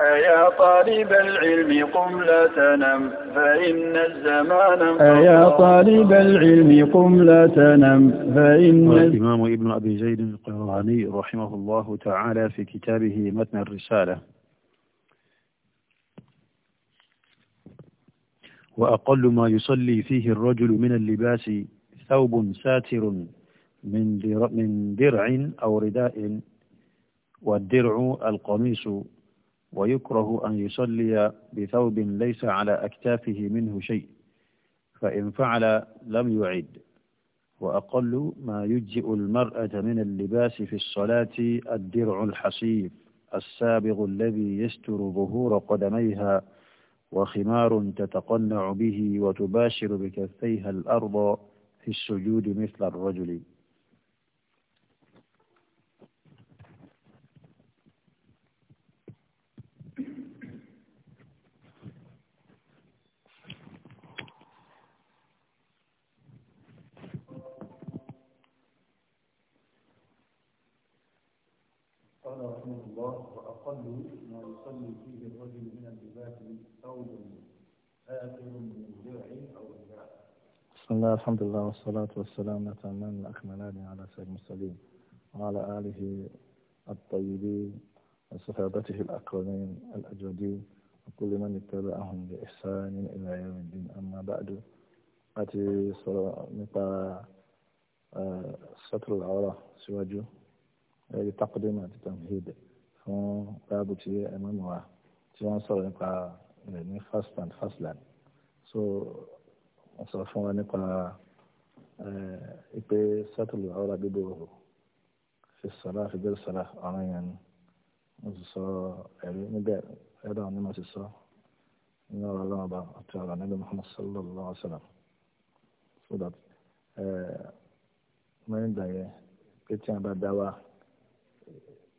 أيا طالب العلم قم لا تنم فإن الزمان أيا طالب العلم قم لا تنم فإن الإمام ابن أبي زيد القيرواني رحمه الله تعالى في كتابه متن الرسالة وأقل ما يصلي فيه الرجل من اللباس ثوب ساتر من درع أو رداء والدرع القميص ويكره أن يصلي بثوب ليس على أكتافه منه شيء فإن فعل لم يعد وأقل ما يجزئ المرأة من اللباس في الصلاة الدرع الحصيف السابغ الذي يستر ظهور قدميها وخمار تتقنع به وتباشر بكفيها الأرض في السجود مثل الرجل قال رحمه الله وأقل ما يصلي فيه الرجل من اللباس ثوب آخر من درع أو ذراع بسم الله الحمد لله والصلاة والسلام نتمنى الأكملان على سيد المرسلين وعلى آله الطيبين وصحابته الأكرمين الأجودين وكل من اتبعهم بإحسان إلى يوم الدين أما بعد أتي صلاة نقا آه، ستر العورة سواجه ẹ̀rí takọ́dẹ́mà àti tamhid fún báàbù tí ẹ mọ́mọ́ wa tí wọ́n sọ̀rọ̀ nípa rẹ̀ ní first and first land so wọ́n sọ fún wa nípa ìpè sátìlù ọ̀rọ̀ àdúgbò fi sọ̀rọ̀ àfi bẹ́ẹ̀ sọ̀rọ̀ ọ̀rọ̀ yẹn ni wọ́n sì sọ ẹ̀rí níbẹ̀ ẹ̀rọ ni wọ́n sì sọ ní ọ̀rọ̀ ọlọ́run ọba àti ọ̀rọ̀ níbi Muhammad sallallahu alayhi wa sallam so that ẹ̀ẹ́dẹ́gbẹ̀yẹ pé tí wọ́n bá dá wa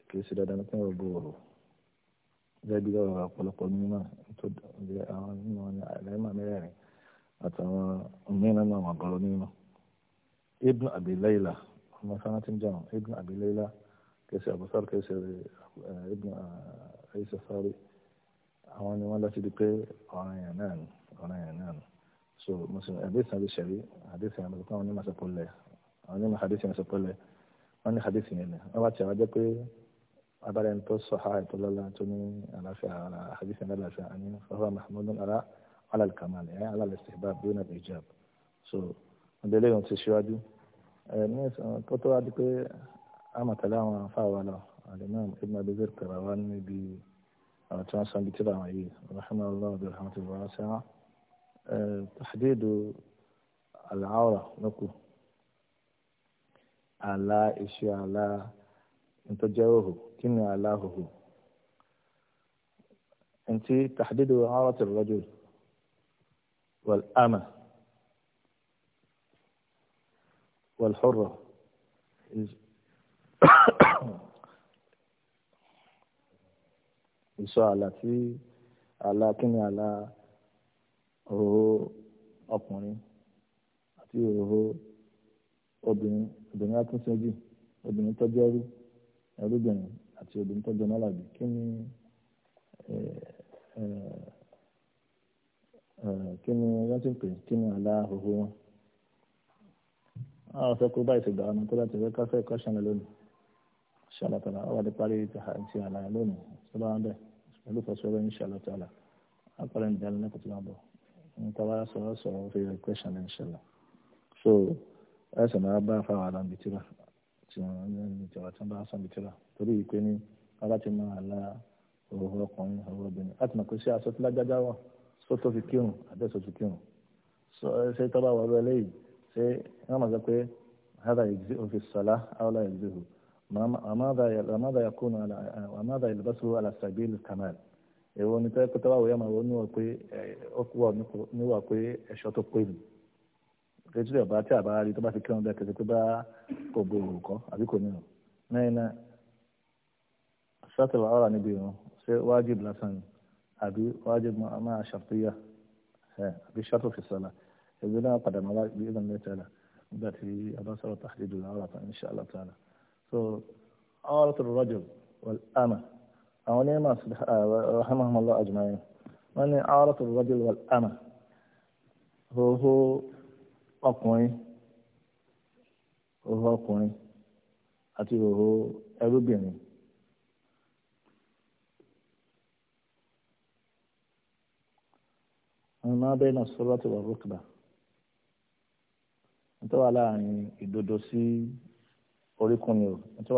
kì í ṣe dandan ní pẹ́ẹ́rọ gbòòrò gẹ́gẹ́ bí ọ̀rọ̀ ọ̀pọ̀lọpọ̀ mímọ́ tó àwọn mímọ́ ní àlẹ́mà mẹ́rẹ̀ẹ̀rin àtàwọn mìíràn náà wà gbọ́rọ̀ mímọ́ ibn abi layla ọmọ sanati jẹun ibn abi layla kì í ṣe abusar kì í eh, ṣe ibn ayisa eh, sáré àwọn ni wọ́n lọ sí di pé ọ̀ràn yẹn náà ni ọ̀ràn yẹn náà ni so musulmi ẹ̀dẹ́sìn àti ṣẹ̀rí àdẹ́sìn àti ọ̀pọ̀lọpọ̀ àwọn onímọ̀ wọ́n ní hadith yẹn ni wọ́n bá tiẹ̀ wá jẹ́ pé abẹ́rẹ́ tó sọ̀há ètò lọ́la tó ní àlàáfíà ara hadith yẹn lálàáfíà àní fọwọ́ mahamudun ara alal kamal ẹ̀ alal istihbab bí wọn so ọ̀dẹ́ lẹ́yìn ti ṣíwájú ẹ̀ ní kó tó wá di pé àmọ̀tẹ́lẹ̀ àwọn afáwa lọ alimam ibn abizir kẹrẹ wa níbi àwọn tí wọ́n san bí tíra àwọn yìí rahimahullah bi rahmatullahi wa sẹ́wọ̀n tahdidu al-awra lọ́kù àlà iṣu àlà ntọ́jẹ́ òhò kí ni àlà òhò ntí tàdídò ọ̀rọ̀ tẹ̀lé lọ́jọ́ wal ama wal hurra ìsọ àlà tí àlà kí ni àlà ọkùnrin àti òhò obìnrin. obìnrin akúnṣẹ́jú obìnrin tọ́jú ẹrúbìnrin àti obìnrin tọ́jú ọmọlàbí kí ni kí ni wọ́n ti ń pè kí ni àlá òhò wọn. àwọn ọ̀sẹ̀ kó báyìí ti gbà wọn tó láti rẹ́ káfẹ́ ẹ̀kọ́ ṣẹlẹ̀ lónìí ṣàlá tààlà àwọn àti parí ti àlá lónìí tó bá wọn bẹ̀ pẹ̀lú ní so. ẹsẹ̀ máa bá fáwọn alambitira tí wọ́n ní ìjọba tí wọ́n bá sàmbitira torí ìpè ní ara máa la òwò ọkùnrin òwò obìnrin láti mọ̀ pé ṣé aṣọ lágbájá wà sọ fi kírun àbẹ́ sọ kírun ṣé tọ́ wà lọ ṣé wọ́n mọ̀ sọ pé hada kamal ni kẹtù rẹ bá tí a bá rí tó bá fi kírun bẹ́ẹ̀ kẹsì pé bá kò bo olùkọ́ àbí kò nínú lẹ́yìn náà sátìlá ọ̀rà níbi ìrún ṣé wájib lásán ni àbí wájib máa ṣàtúnyà ẹ àbí ṣàtò fìsọlá ẹgbẹ náà padà máa wá bí ìdàn mẹ́ta là nígbà tí a bá sọ̀rọ̀ tàdídù ọ̀rà tán insha Allah ta'ala so ọ̀rà tó rọjò wal ama àwọn onímọ̀ rahimahumullah ajma'in wọ́n ní ọ̀rà tó rọjò wal ama. هو هو ọkùnrin òhò ọkùnrin àti òhò ẹrúbìnrin. ma bayna as-surrati war-rukba nítorí wà láàrin ìdodo sí orúnkún ni o nítorí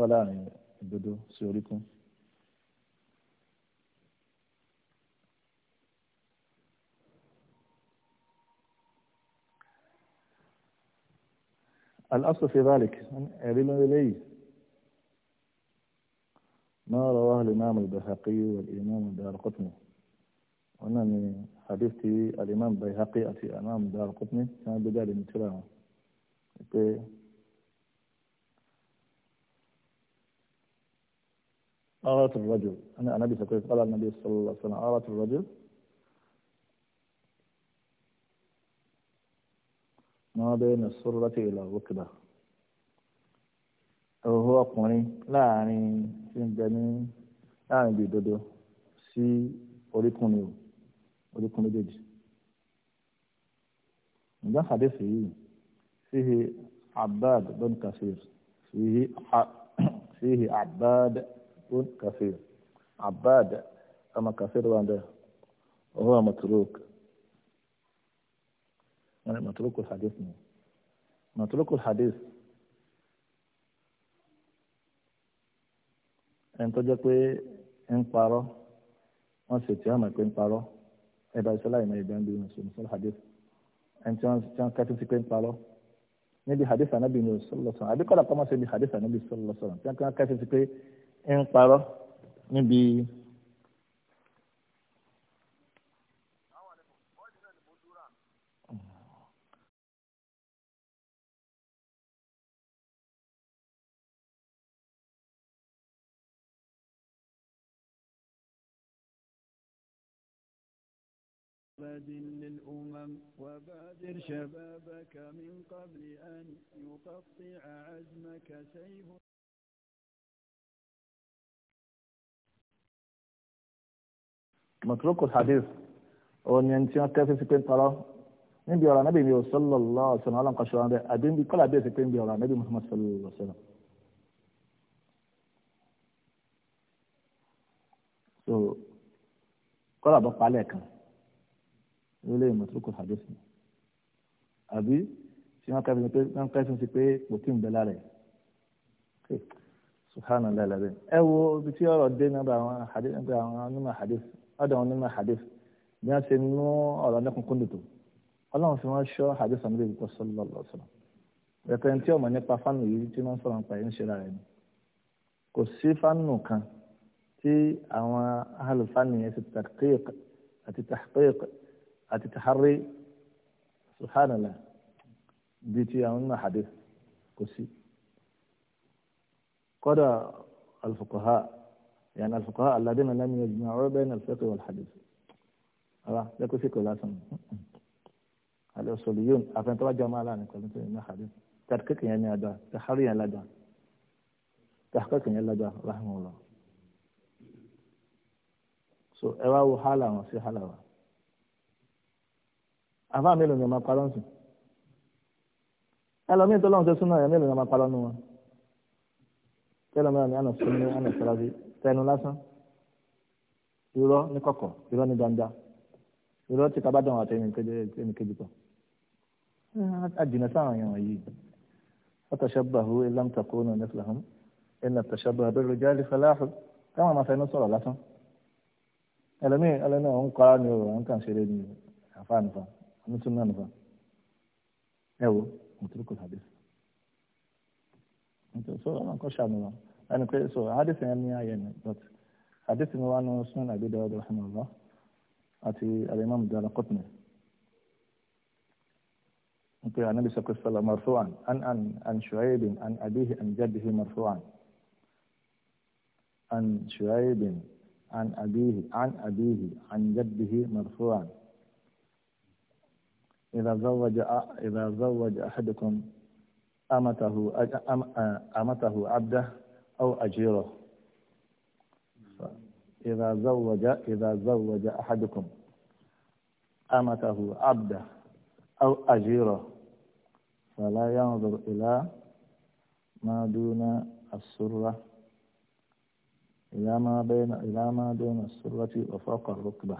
wà láàrin الأصل في ذلك علم إليه ما رواه الإمام البيهقي والإمام الدار قطني وأنني حديثتي حديثي الإمام البيهقي أتي أمام الدار قطني كان بدال من تلاوة إيه؟ أرأت الرجل أنا النبي صلى الله عليه وسلم قال النبي صلى الله عليه وسلم أرأت الرجل ما بين السرة إلى الركبة òhó ọkùnrin láàrin tí ń bẹ ní láàrin ibi ìdodo sí oríkùn ni o oríkùn méjèèjì ǹjẹ́ àdéhùn yìí fihi abad bin kafir fihi fihi abad bin kafir abad ọmọ kafir wà ń bẹ òhó ọmọ turuk wọn ni mọtòlókò hadith ni mọtòlókò hadith ẹni tó jẹ́ pé ń parọ́ wọ́n sì tí wọ́n mọ̀ pé ń parọ́ ẹ̀dá ìṣẹ́lá ìmọ̀ ìgbà ń bí mùsùlùmí sọ́lá hadith ẹni tí wọ́n kẹ́tí sí pé ń parọ́ níbi hadith anabi ní sọlọsọ àbí kọ́dà kọ́mọ́sí níbi hadith anabi sọlọsọ tí wọ́n kẹ́tí sí pé ń parọ́ níbi. محمد للأمم وبادر شبابك من قبل أن يقطع عزمك سيف متروك الحديث أن ينتهي كافي في كين طرح من بيورا نبي ميو صلى الله عليه وسلم علم قشرا عنده أدين بي كل عبيه في كين بيورا نبي محمد صلى الله عليه وسلم so kala bapa lekan eléyìí mọ̀tòkò hadith ni àbí tí wọ́n kẹ́sìn pé wọ́n kẹ́sìn sí pé kò tí ń bẹ lára ẹ̀ subhana allah labẹ ẹ wo ibi tí ọ̀rọ̀ dé nípa àwọn hadith nípa àwọn onímọ̀ hadith ọ̀dọ̀ àwọn onímọ̀ hadith bí wọ́n ṣe mú ọ̀rọ̀ lẹ́kùnkún dòdò ọlọ́run fi wọ́n ṣọ́ hadith àmì lèbi kọ́ sọ́lọ́ lọ́sọ̀rọ̀ ẹ̀pẹ́ tí ọmọ nípa fánù yìí tí wọ́n sọ̀rọ̀ nípa yìí ń ṣe ra rẹ̀ أتي تحري سبحان الله بيتي أنا حدث قصي قد الفقهاء يعني الفقهاء الذين لم يجمعوا بين الفقه والحديث الله لك في كل أسم الأصوليون أفن توا جمالا نقول نقول نقول حديث تركك يعني هذا تحري يعني هذا تحقق يعني هذا رحمه الله سو so, ewa wahala wa si àfa mélòó ni ọmọ parọ́ ń sìn ẹlòmíì tó lọ́n ṣe súnà ẹ̀ mélòó ni ọmọ parọ́ nù wọn tẹlẹmọ ni àná súnmí àná sọlábí tẹnu lásán irọ́ ní kọ̀kọ̀ irọ́ ní gbangba irọ́ ti kaba dán àti ẹnìkejì pọ̀ àjìnà sáwọn èèyàn wọ̀nyí ọ̀tọ̀ṣẹ́bàhù ìlàmùtàkùnà nífìlàhùn ẹ̀nà tọ̀ṣẹ́bàhù abẹ́rẹ́ jáde fẹláhù káwọn máa fẹnu sọ̀rọ̀ lásán ẹlòmíì ẹlẹ́nu مثل ما نظام أو أيوة، نترك الحديث سو أنا كل شيء نظام أنا كل سو حديث يعني يعني بس حديث إنه أنا أبي داود رحمه الله أتي الإمام دار قطني أنت عن النبي صلى الله عليه وسلم مرفوعا أن أن أن شعيب أن أبيه أن جده مرفوعا عن شعيب عن أبيه عن أبيه عن جده مرفوعا إذا زوج إذا زوج أحدكم أمته أمته عبده أو أجيره إذا زوج إذا زوج أحدكم أمته عبده أو أجيره فلا ينظر إلى ما دون السرة إلى ما بين إلى ما دون السرة وفوق الركبة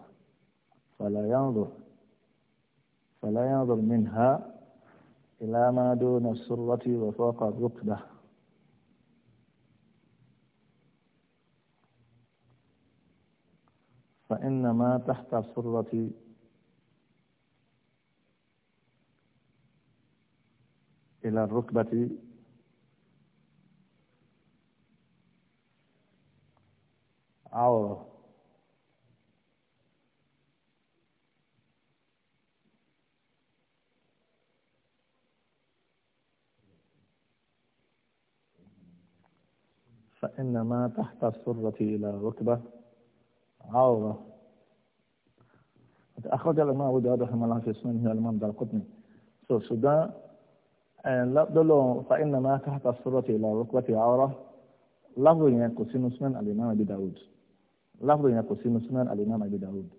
فلا ينظر فلا ينظر منها إلى ما دون السرة وفوق الركبة فإن ما تحت السرة إلى الركبة عورة فإن ما تحت السرة إلى ركبة عورة أخرج الإمام أبو داود رحمه الله في سننه الإمام دار القطني سو سودان لفظ فإن ما تحت السرة إلى ركبة عورة لفظ يكون سنن الإمام أبي داود لفظ يكون سنن الإمام أبي داود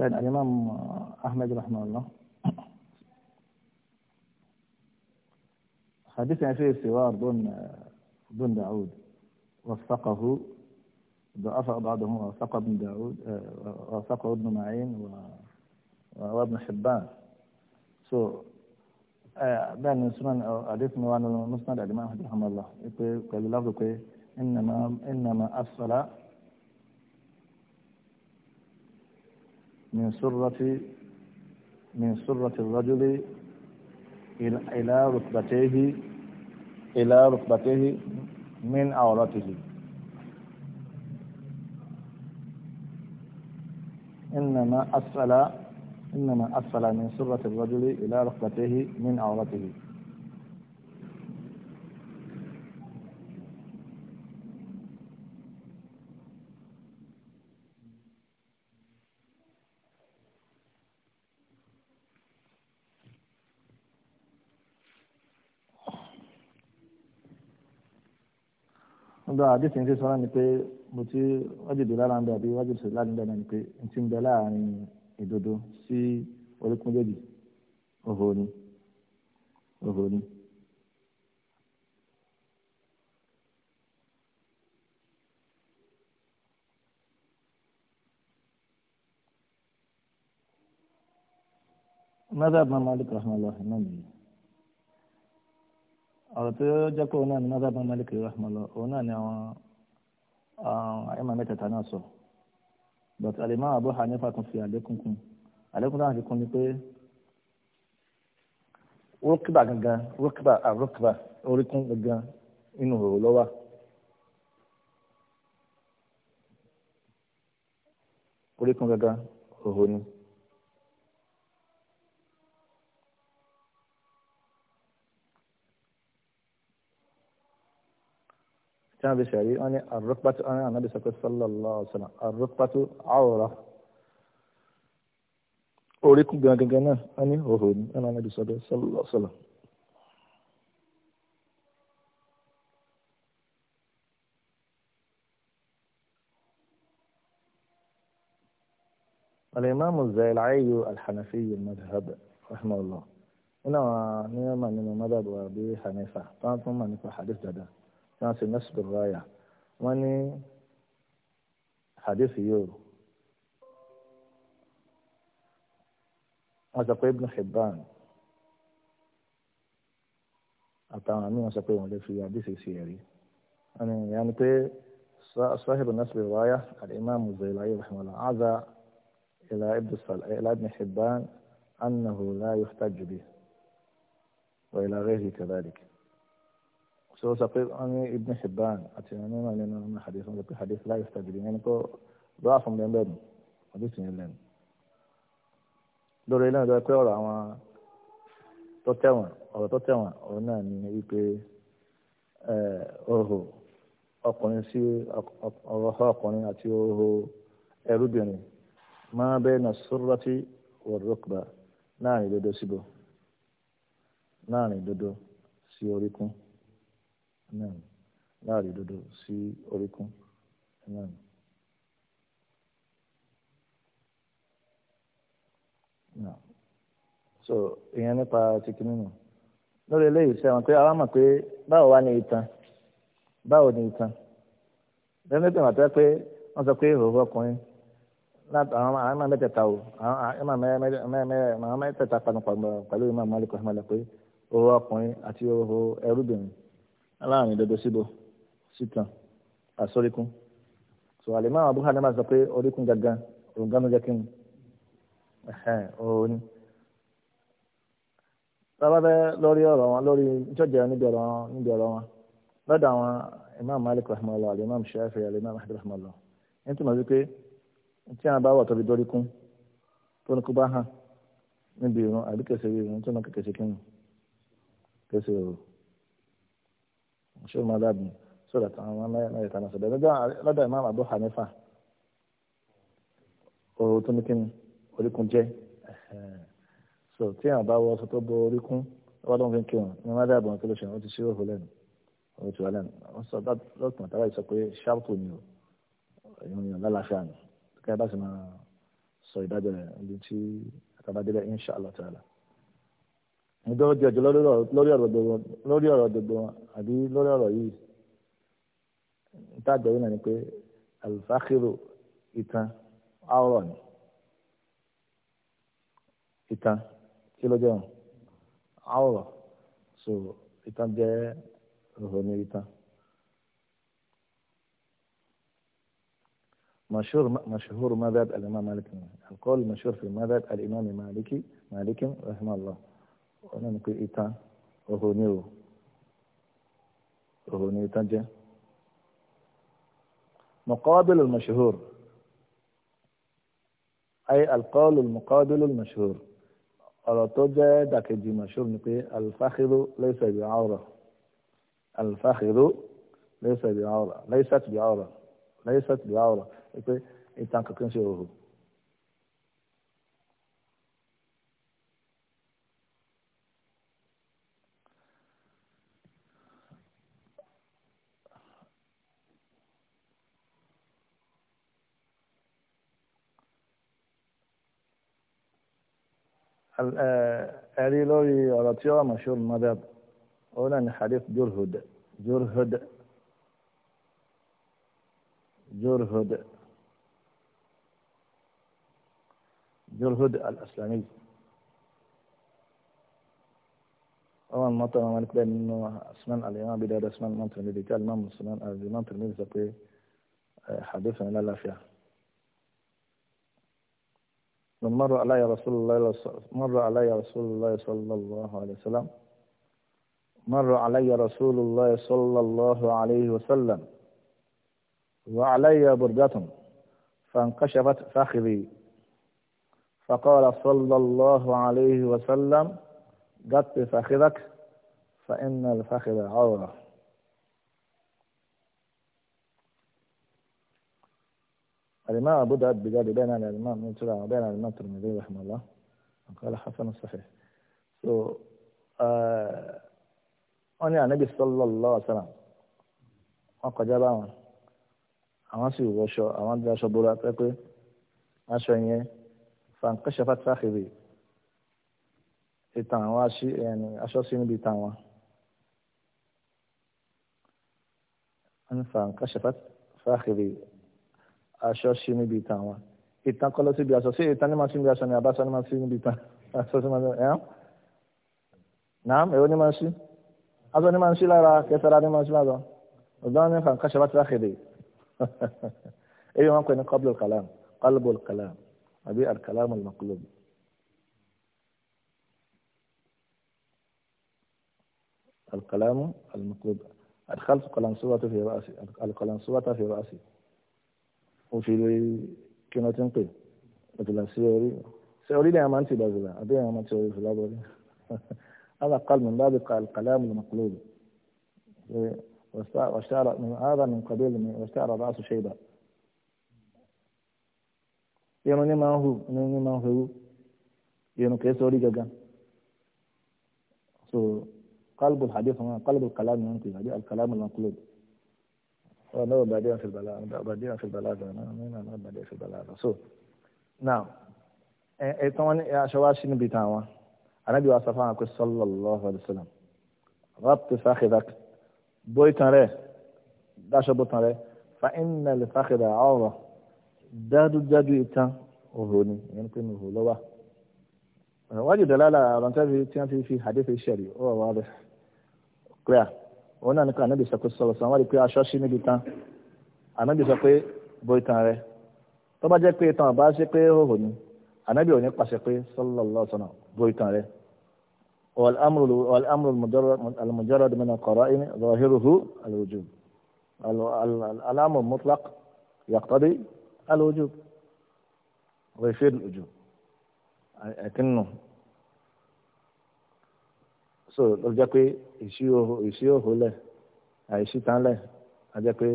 يعني الإمام أحمد رحمه الله حديثنا فيه سوار دون دون داود وثقه ضعف بعضهم وثق ابن داود وثق ابن معين وابن حبان سو بين ni حديث àdéhùn wa nínú musnad àdìmọ́ àhàdìhàmọ́lá pé pẹ̀lú lábùkù إنما ẹnìnàmà من سرة من سرة الرجل إلى ركبتيه إلى ركبتيه من عورته إنما أسفل إنما أسفل من سرة الرجل إلى ركبتيه من عورته nígbà àdìsí ní sísọ náà ni pé mo ti wájìbí lára ń bẹ àbí wájìbí sọ̀rọ̀ lára ń bẹ náà ni pé n ti ń bẹ láàrin ìdodo sí orúkún méjèèjì òhò ni òhò ni. ماذا ابن مالك رحمه الله نعم ọ̀rọ̀ tó jẹ́ kó náà ní mọ́sábà malik rahmalah òun náà ni àwọn àyẹ̀mọ̀ mẹ́tẹ̀ẹ̀ta náà sọ but alimami abu hanifa tún fi àlékún kún àlékún náà fi kún ni pé rúkìbà gangan rúkìbà àrúkìbà oríkún gangan inú òrò lọ́wọ́. oríkún gangan òhò ni. كان بشري أنا يعني الركبة أنا النبي صلى الله عليه وسلم الركبة عورة أوريكم جانا أنا هو أنا النبي صلى الله عليه وسلم الإمام الزيلعي الحنفي المذهب رحمه الله هنا نعم من مذهب أبي حنيفة طبعا ثم نقول حديث جدا tí wọ́n ṣe mẹ́sìdò ráyà wọ́n ní hadithi yóò wọ́n sọ pé ibn hibban àtàwọn àmì wọ́n sọ pé wọ́n lè fi hadithi sí ẹ̀rí wọ́n ní ìyá ni pé صاحب النسب الرواية الإمام الزيلعي رحمه الله عزى إلى ابن إلى ابن حبان أنه لا يحتج به وإلى غيره كذلك tí ó sọ pé wọ́n ní ibn hibban àti ẹni náà nínú ọmọ hadith wọn sọ pé hadith láì sàgìrì yẹn ni kó ọkùnrin sí ọ̀rọ̀ ọkùnrin àti ẹrúbìnrin máa bẹ́ẹ̀ na sọ́rọ́tì wọ̀rọ̀kùbà náà láàrin dodo sí oríkún náà. so ìyẹn nípa ti kìíní nù lórí eléyìí sẹ́wọ̀n pé àwa mọ̀ pé báwo wá ní itan báwo ní itan lẹ́nu pé màtá pé wọ́n sọ pé ìhòòhò ọkùnrin láti àwọn àwọn máa mẹ́tẹ̀ẹ̀ta o àwọn máa mẹ́tẹ̀ẹ̀ta panu pẹ̀lú ìmọ̀ àmọ́ àlùkò ìmọ̀lẹ̀ pé ìhòòhò ọkùnrin àti ìhòòhò ẹrúbìnrin aláàrin dodo síbo sítan àsọríkún so alimami abu hanima sọ pé oríkun gangan òǹganu jẹ kí n òní sábàbẹ lórí ọ̀rọ̀ wọn lórí ìjọjẹ níbi ọ̀rọ̀ wọn níbi ọ̀rọ̀ wọn lọ́dọ̀ àwọn imam malik rahmanulah alimami shafi alimami ahmed rahmanulah ní túmọ̀ sí pé tí a bá wọ̀ tóbi dórí kún tó ní kú bá hàn níbi ìrún àbí kẹsì ìrún tó ní kẹsì kí n kẹsì ìrún ṣé máa dábì sọdọ àwọn aláìláì tàná sọdọ lọ́dọ̀ lọ́dọ̀ ìmáàmù Abu Hanifa òru tó ní kíni oríkun jẹ so tí àwọn bá wọ ọsọ tó bo oríkun wọn ló ń fi kírun ní wọn dábì wọn tó lè ṣe wọn ti ṣe òhò lẹ́nu òhò tí wọn lẹ́nu wọn sọ lọkùnrin tàbá yìí sọ pé ṣáàpù ni o èèyàn yàn lálàáfíà ni kí ẹ bá sì máa sọ ìdájọ́ rẹ ibi tí àtàbádélé inṣàlá tààlà. 你都叫就老六老老六老多老六老多多，阿弟老六老伊，大家有哪尼个？阿发起路，伊他，阿罗尼，伊他，几罗种？阿罗，苏，伊他爹，罗尼伊他，麦 شهور مش شهور مذهب الإمام مالك، القول مشهور في مذهب الإمام مالكي مالك رحمه الله. wọn náà ní pé ìtàn òhò ní o òhò ní ìtàn jẹ́ مقابل المشهور أي القول المقابل المشهور ọ̀rọ̀ tó jẹ́ dàkejì mashur ni pé alfahiru laysa bi awra alfahiru laysa bi awra laysat bi awra laysat bi awra pé ìtàn kankan ṣe òhò آه، أري لوري مشهور مذهب أولا حديث جرهد جرهد جرهد جرهد الأسلامي أو المطر ما نقدر إنه أسمان الإمام بدأ أسمان المطر ندي آه، كالمام أسمان الإمام ترميز حديثنا لا لا فيها من مر علي رسول الله مر علي رسول الله صلى الله عليه وسلم مر علي رسول الله صلى الله عليه وسلم وعلي بردة فانكشفت فخذي فقال صلى الله عليه وسلم قط فخذك فإن الفخذ عورة الإمام أبو داود بقال بين عن الإمام من ترى وبين عن الإمام ترمذي رحمه الله قال حسن صحيح سو so, آه، أني uh, النبي صلى الله عليه وسلم أقجب أمان أمان سيو غشو أمان جاشو بولات أكوي أشو إنيه فانقشفت فاخذي إتانوا أشي يعني أشو سيني بيتانوا أن فانقشفت فاخذي aṣọ ṣe níbi ìtàn wọn ìtàn kọ́ lọ síbi aṣọ ṣé ìtàn ní máa ṣe níbi aṣọ ni àbáṣọ ní máa ṣe níbi ìtàn aṣọ ṣe máa ṣe ẹ̀ náà èwo ní máa ṣe aṣọ ní máa ṣe lára kẹsàrà ní máa ṣe lára ọ̀dọ́ ní fa kàṣà bá ti rákèdè èyí wọn pè ní kọ́bùlù kàlám kọ́lùbùl kàlám àbí àkàlámù màkúlùbù. الكلام المطلوب أدخلت قلنسوة في رأسي القلنسوة في رأسي ó fi lé kí wọ́n ti ń pè ọ̀tọ̀là sí orí sí orí lẹ́yìn máa ń àbí ẹ̀yìn máa orí fìlà bọ́lí هذا قال من باب الكلام المقلوب واشتعر من هذا من قبيل واشتعر رأس شيبة irun ní máa ń hù irun ní máa ń hù so qalbu al-hadith wọn qalbu al-kalam ni wọn al-kalam al-maqlub Oh no, Badian fil Balaga. Badian fil Balaga. No, no, no, no, Badian fil Balaga. So, now, ẹ̀tàn wọn ni aṣọ wa ṣì níbi tàn wọn. Ànábì wa sọ fún àpè sallallahu alayhi wa sallam. Rọ́pù fàkìdàk. Bó ìtàn rẹ̀, dáṣọ bó tàn rẹ̀. Fa iná lè fàkìdà ọ̀rọ̀. Dájúdájú ìtàn òhò ni, ìyẹn pé ní òhò lọ́wọ́. Wájú dàlálà ọ̀rọ̀ tí wọ́n fi hadith ṣẹ̀rí, ó wà wá rẹ̀. Clear òun náà ní ká ànábì sọ pé sọ̀rọ̀ sọ̀rọ̀ wọ́n rí pé aṣọ sí níbi tán ànábì sọ pé bo ìtàn rẹ tó bá jẹ́ pé ìtàn àbá ṣe pé hòhò والأمر المجرد من القرائن ظاهره الوجوب الأمر المطلق يقتضي الوجوب ويفيد الوجوب لكنه so ló jẹ́ pé ìṣíòhò lẹ̀ àìṣítánlẹ̀ a jẹ́ pé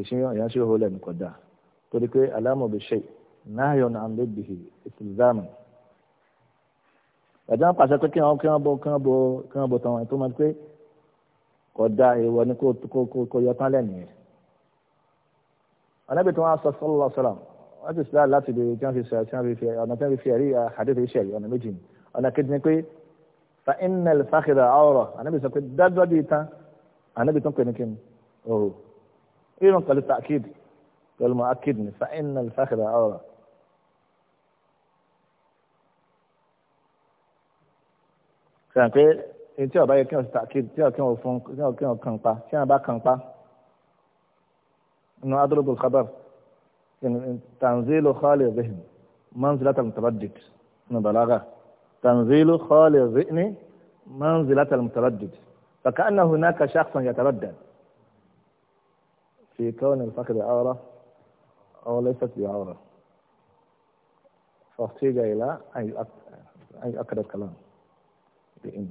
ìṣíòhò lẹ̀ ní kò dáa torí pé alámọ̀bí ṣe náàyọ̀nà àmúlẹ́bìhì ìtìlídàmù ẹ̀dá ń pàṣẹ pé kí wọ́n kí wọ́n bo kí wọ́n bo kí wọ́n bo tán wọn tó máa pé kò dáa ìwọ ni kò kò kò yọ tán lẹ́nu yẹn anábì tí wọ́n á sọ sọ́lọ́ sọ́lọ́ wọ́n ti sílá láti bí tí wọ́n fi sọ tí wọ́n fi fi ọ̀nà tí wọ́n fi fi ẹ̀rí àdéhùn iṣẹ́ ọ̀nà méjì ọ̀nà kejì ni pé fa inna lifakida awra anabi sọ pé dájúdájú itan anabi tó ń pè ní kí ni òru irun pẹ̀lú takid pẹ̀lú mọ akid ni fa inna lifakida awra. sọ pé èyí tí ọba yẹ kí wọn ti takid tí ọkàn wọn fún tí ọkàn wọn kàn pa tí wọn bá kàn pa inú adúlógún kábàr tanzilu khali bihim manzilata mutabaddid inú balaga. تنزيل خالي الذئن منزلة المتردد فكأن هناك شخصا يتردد في كون الفقد عورة أو ليست بعورة فاحتاج إلى أن يؤكد الكلام بإن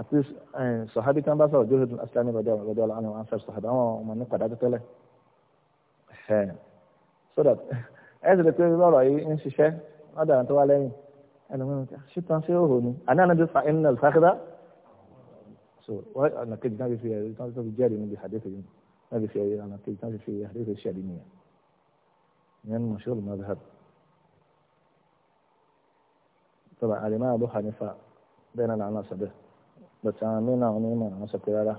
أتريد آه، صحابي كان بس وجهد الأسلامي رضي الله الآن وأنصر صحابه وما نقد هذا تلا ها صدق أذكر الله رأي إن شاء wọ́n dàrú tó wá lẹ́yìn ẹlòmíràn tí ṣítan sí òhò ni àná àná bí fa iná ìfàkìdá so wọ́n ọ̀nà kejì náà fi ẹ̀rí tán fi jẹ́rìí níbi àdéhùn yìí náà fi ẹ̀rí ọ̀nà kejì náà fi àdéhùn ṣẹ̀rí nìyẹn ìyẹn ni mọ̀ṣúrù mazhab tọ́ba àlìmọ́ Abu Hanifa bẹ́ẹ̀ náà làwọn àṣàbẹ̀ bàtà àwọn mìíràn àwọn onímọ̀ àwọn sọ pé rárá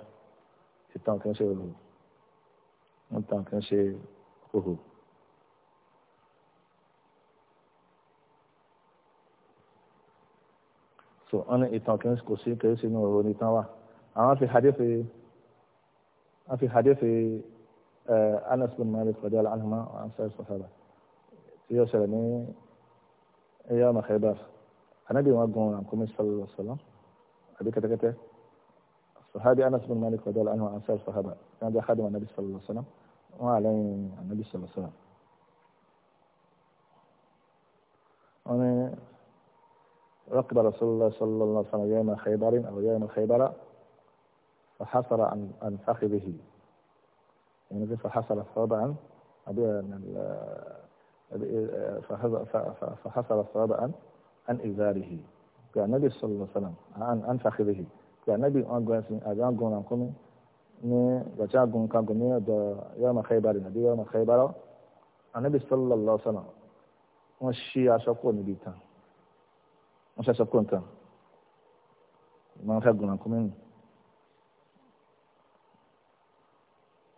ṣítan kì í ṣe òhò wọ́n tàn kì í ṣe òhò. so wọn ní ìtàn kì í kò sí kì í sínú ọ̀rọ̀ onítàn wa àwọn fi hadithi wọn fi hadithi anas bin malik radiyallahu anhuma wa an sa'id sahaba tí yóò ṣẹlẹ̀ ní ẹyà ọmọ khaybar anabi wọn gun rankumi sallallahu alaihi wa sallam àbí kẹtẹkẹtẹ sahabi anas bin malik radiyallahu anhu wa an sa'id sahaba kan jẹ xadìmọ anabi sallallahu alaihi wa sallam wọn àlẹ́ anabi sallallahu alaihi wa sallam ركب رسول الله صلى الله عليه وسلم يوم خيبر أو يوم خيبر فحصر عن عن فخذه يعني فحصل الصواب عن أبي الصواب عن عن إزاره كان النبي صلى الله عليه وسلم عن عن فخذه كان النبي أن قوس أجان قوم أنكم من وجاء قوم كان قوم يوم خيبر النبي يوم خيبر النبي صلى الله عليه وسلم وشيا شكو نبيته wọ́n ṣe àṣọkọ nǹkan máa fẹ́ gùn àkúmí nù.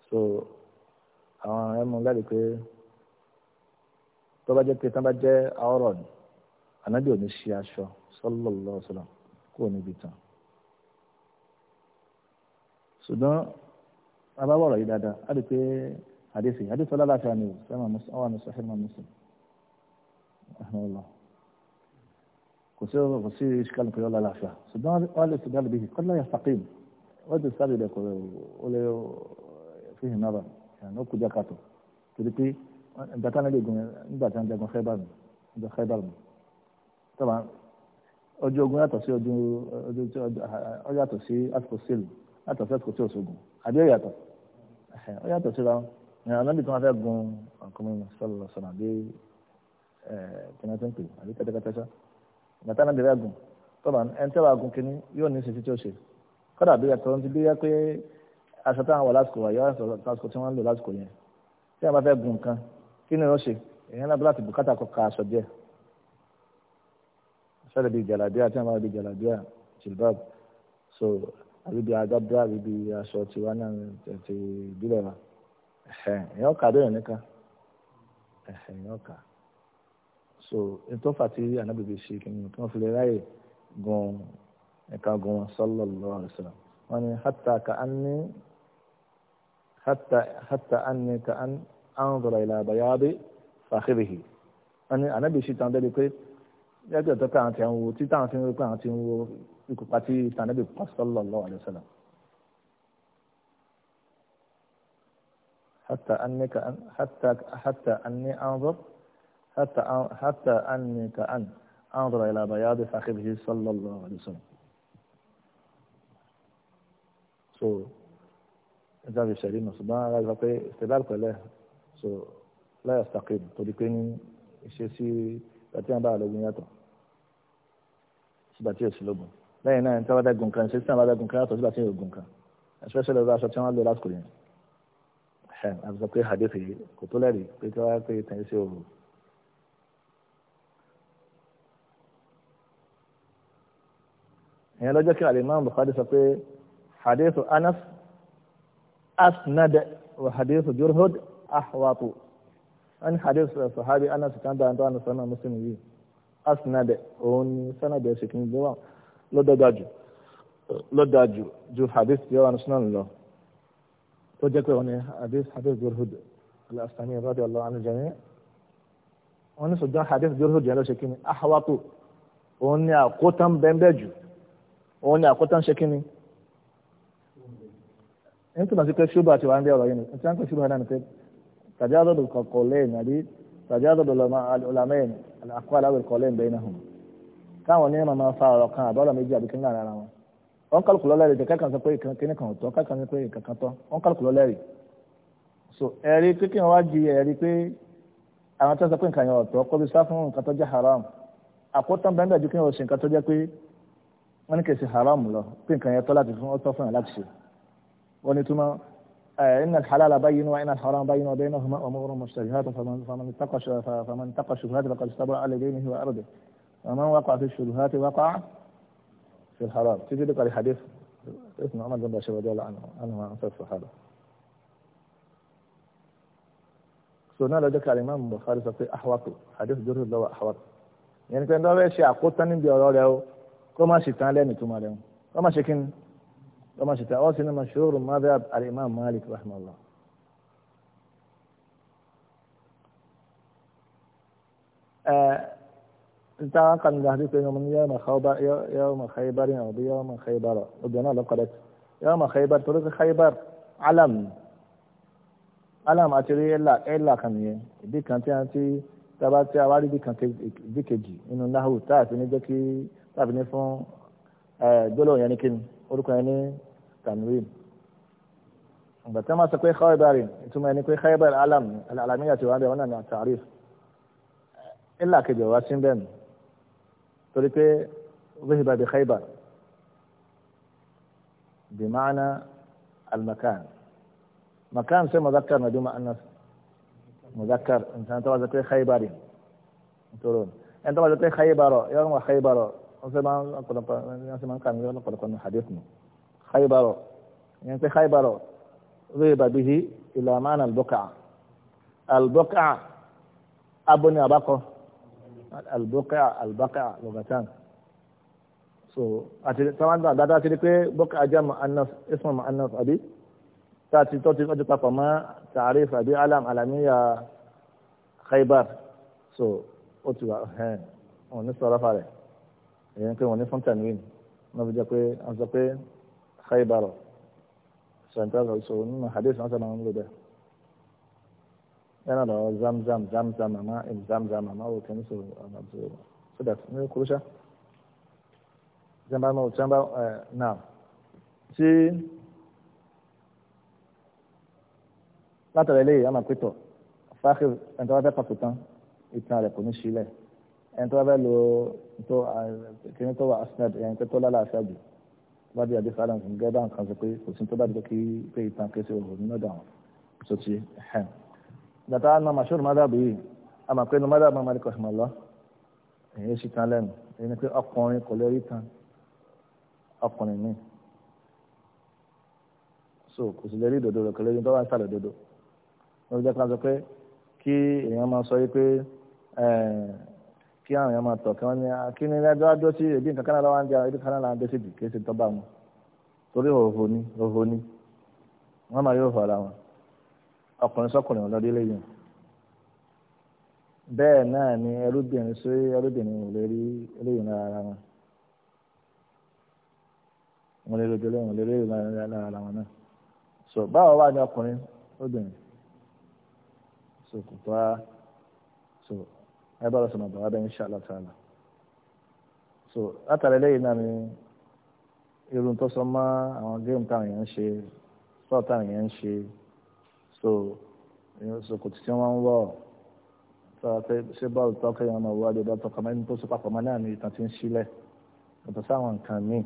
so àwọn ẹmu láti pé tó bá jẹ́ pé tán bá jẹ́ àwòrán ni ànábì ò ní ṣe aṣọ sallallahu alaihi wasallam kúrò níbi tán. ṣùgbọ́n abáwọ̀rọ̀ yìí dáadáa á lè pé àdéhùn àdéhùn ọlọ́láfíà ni ò sẹ́wọ̀n àwọn àmì sọ́hẹ́mà mùsùlùmí. كسير كسير إشكال كلا لا لعشاء سدنا قال استدلال به قد لا يستقيم ود السبب ده كله ولا فيه نظر يعني نوكو جاكاتو تلقي أنت كان لي جون أنت كان جاكون خيبر أنت خيبر طبعا ọjọ́ ogun yàtọ̀ sí ọdún ọdún yàtọ̀ sí àtúkò sílù yàtọ̀ sí àtúkò tí òṣogun àbí yàtọ̀ ọ yàtọ̀ síra ní alábì tí wọ́n fẹ́ gun ọkùnrin àbí kìnnìkan pè àbí kẹtẹkẹtẹ sọ bàtà náà bẹ̀rẹ̀ àgùn tọ́ba ẹni tẹ́wà àgùn kínní yóò ní ìṣesí tí ó ṣe kọ́dà bí ẹ̀tọ́ ti bí yá pé aṣọ táwọn wà lásìkò wà yọ aṣọ lásìkò tí wọ́n ń lò lásìkò yẹn tí wọ́n bá fẹ́ gùn nǹkan kí ni ó ṣe èèyàn náà bíláàtì bùkátà kọ ka aṣọ díẹ̀ sọ́dọ̀ bíi jàlábíà tí wọ́n bá bíi jàlábíà jìlbáb so àbí bíi agbábíà àbí bíi aṣọ tiwa náà ti ìbílẹ̀ wa èèyàn kà so ntọ́fà tí ànábì fi ṣe kí wọ́n fi lè ráyè gan ẹ̀ka gan wọn sallallahu alaihi wasallam wọ́n ní hatta ka an ní hatta hatta an ní ka an anzura ila bayadi fakhirihi wọ́n ní ànábì ṣe tán dẹ́bi pé yàtọ̀ tó pé àwọn ti ń wo títà àwọn ti pé àwọn ti ikú pati tànábì pa sallallahu alaihi wasallam. حتى أنك حتى حتى أني أنظر حتى حتى أني كأن أنظر إلى بياض فخذه صلى الله عليه وسلم so ìjábí ìṣẹ̀lẹ̀ náà ṣùgbọ́n ara ìgbà pé ìṣẹ̀lẹ̀ pẹ̀lẹ́ so láyà sàkíyàn torí pé ní ìṣesí ìgbà tí wọ́n bá lógun yàtọ̀ sígbà tí èsì lógun lẹ́yìn náà tí wọ́n bá dẹ́gun kan ìṣesí náà bá dẹ́gun kan yàtọ̀ sígbà tí èògùn kan especially ọ̀rọ̀ aṣọ tí wọ́n lò lásìkò yẹn àbùsọ̀ pé àdéhùn kò tó lẹ́rìí pé tí wọ́n bá pé ìtàn ìṣe òru ìyẹn lọ́jọ́ kí alimami Bukhari sọ pé hadithu Anas asnad wa hadithu Jurhud ahwatu wọ́n ní hadithu sahabi Anas kan dáa tó Anas sọ́nà Muslim yìí asnad òun ní sanad ẹ̀ ṣèkìní gbé wà lọ́dọ̀dọ̀ jù lọ́dọ̀dọ̀ jù ju hadith yóò wà ní sunan lọ tó jẹ́ pé wọ́n ní hadith hadith Jurhud al-Aslami radiyallahu anhu jami'an wọ́n ní sọ̀dọ̀ hadith Jurhud yẹn ló ṣèkìní ahwatu òun ní àkótán bẹ́ẹ̀ bẹ́ẹ̀ jù. òun ni àkọ́tà ń ṣe kí ni ní túmọ̀ sí pé ṣúbà ti wà ọ̀rọ̀ yìí ni tí ń pè ṣúbà náà pé tàbí àdọ́dọ̀ kọ̀ọ̀kọ̀ lẹ́yìn àbí tàbí àdọ́dọ̀ ọ̀làmẹ́yìn àkọ́ aláwẹ̀ kọ̀ lẹ́yìn bẹ́ẹ̀ náà káwọn onímọ̀ máa fa ọ̀rọ̀ kan àbọ̀rọ̀ méjì àbí kíńgà ara wọn wọ́n kálukú lọ́lẹ́rì tẹ kákan sọ pé kíní kan tọ́ kákan sọ pé kankan tọ́ so ẹ̀rí pé kí wá di ẹ̀rí pé àwọn tó wọ́n ní kì í ṣe haram lọ pé nǹkan yẹn tọ́ láti fún ọ́tọ́ fún yàn láti ṣe wọ́n ní túmọ̀ إن الحلال بين وإن الحرام بين وبينهما أمور مشتبهات فمن اتقى فمن اتقى الشبهات فقد استبرأ لدينه وأرضه ومن وقع في الشبهات وقع في الحرام تجي لك الحديث اسم عمر بن بشير رضي الله عنه عنه عن الصحابة سنة لو ذكر الإمام البخاري في أحوطه حديث جرد له أحوطه يعني كان ده شيء عقود تاني بيقولوا له kó má ṣe tán lẹ́nu ìtumọ̀ rẹ̀ kó má ṣe kí ni kó má ṣe tán ọ́ sì ní mashhur madhab al-imam malik rahimahullah. انتهى قال الحديث يوم يوم خيبر يوم خيبر يوم خيبر ودنا لقدت يوم خيبر ترك خيبر علم علم أتري إلا إلا كان يدي كانت يعني tába tí a wá rí bí kan eh, bí kejì nínú náhù táàfin ní jẹ́ kí táàfin ní fún gbólóhùn yẹn ní kíni orúkọ yẹn ní tanwin ìgbà tí wọ́n máa sọ pé khaybarin ìtumọ̀ ẹni pé khaybar alam alamiya ti wà ń náà ní àtàríf ilà kejì wá sí bẹ́ẹ̀ nù torí pé ذهب بخيبر بمعنى المكان مكان سي مذكر مدوم أنس muzakar nǹkan tó bá zẹpẹ xayibari ntoro ẹn tó bá zẹpẹ xayibaro yọrọ ŋa xayibaro ọsẹ máa ń kọlọpọ ọsẹ máa ń kàmi yọrọ kọlọpọ ní hadith mu xayibaro yẹn pé xayibaro wíyẹ bàbíhi ìlànà albuqa albuqa abóni abakọ albuqa albaqa lọgàtàn so àti tí wọn dáadáa ti di pé buqa jẹ mu anas ismu mu anas abi tààtì tọ́tì ọjọ́ papọ̀ mọ́ tààrífù àbí alam alamiya khaybar so ó ti wà hẹ́n wọn ní sọ̀rọ̀ fa rẹ̀ èyí pé wọn ní fún tanwin wọn fi jẹ́ pé wọn sọ pé khaybar sọ̀ntàlọ̀ so nínú hadith wọn sọ ma ń lò bẹ́ẹ̀ yana da zamzam zamzam ma in zamzam ma o kì í so ọ̀nà tó so that ní kúrú ṣá jẹ́ bá mọ̀ ọ́ tí. látọ̀rọ̀ eléyìí a máa pé tọ̀ fáàkìrì ẹni tó bá fẹ́ pàtó tán ìtàn rẹ̀ kò ní sílẹ̀ ẹni tó bá fẹ́ lo tó kìíní tó wà asnet ẹni tó lálàáfíà jù bá di àdéhùn adam kìí gẹ́gẹ́ bá nǹkan sọ pé kò sí tó bá dìbò kí pé ìtàn kéṣe òhò nínú ọ̀dọ̀ àwọn tó ti ẹ̀hẹ́n. bàtà àná màṣúrù mádàbù yìí a máa pé inú mádàbù máa mọ̀lẹ́kọ̀ ṣùgbọ́n lọ èyí sì tán lẹ́nu èyí pé ọkùnrin kò lè tán ọkùnrin míì so kò sì lè rí dòdò rẹ̀ kò lè rí tó bá ń sàlẹ̀ dòdò. lórí jẹ́ ká sọ pé kí èèyàn máa sọ yìí pé kí àwọn èèyàn máa tọ̀ kí wọ́n ní ah, kí ní ẹjọ́ adó sí ebi nǹkan ń ebi ń kí wọn torí òhò ni òhò ni wọ́n máa yóò hò ara wọn ọkùnrin sọkùnrin wọn lọ́dí bẹ́ẹ̀ náà ni sí ní ọkùnrin obìnrin. so kò bá so ẹ ba lọ sọ̀rọ̀ bàbá bẹ́ẹ̀ insha Allah ta'ala so látàrí lẹ́yìn náà ni irun tó sọ mọ́ àwọn géèmù táwọn èèyàn ń so sọ́ọ̀ táwọn èèyàn ń ṣe so sòkòtò tí wọ́n ń wọ̀ sọ́ọ̀ pé ṣé bọ́ọ̀lù tọ́kẹ́ yẹn máa wọ adébá tọ́kọ mẹ́rin tó sọpá pọ̀ mọ́ náà ni ìtàn ti ń sílẹ̀ yàtọ̀ sáwọn nǹkan míì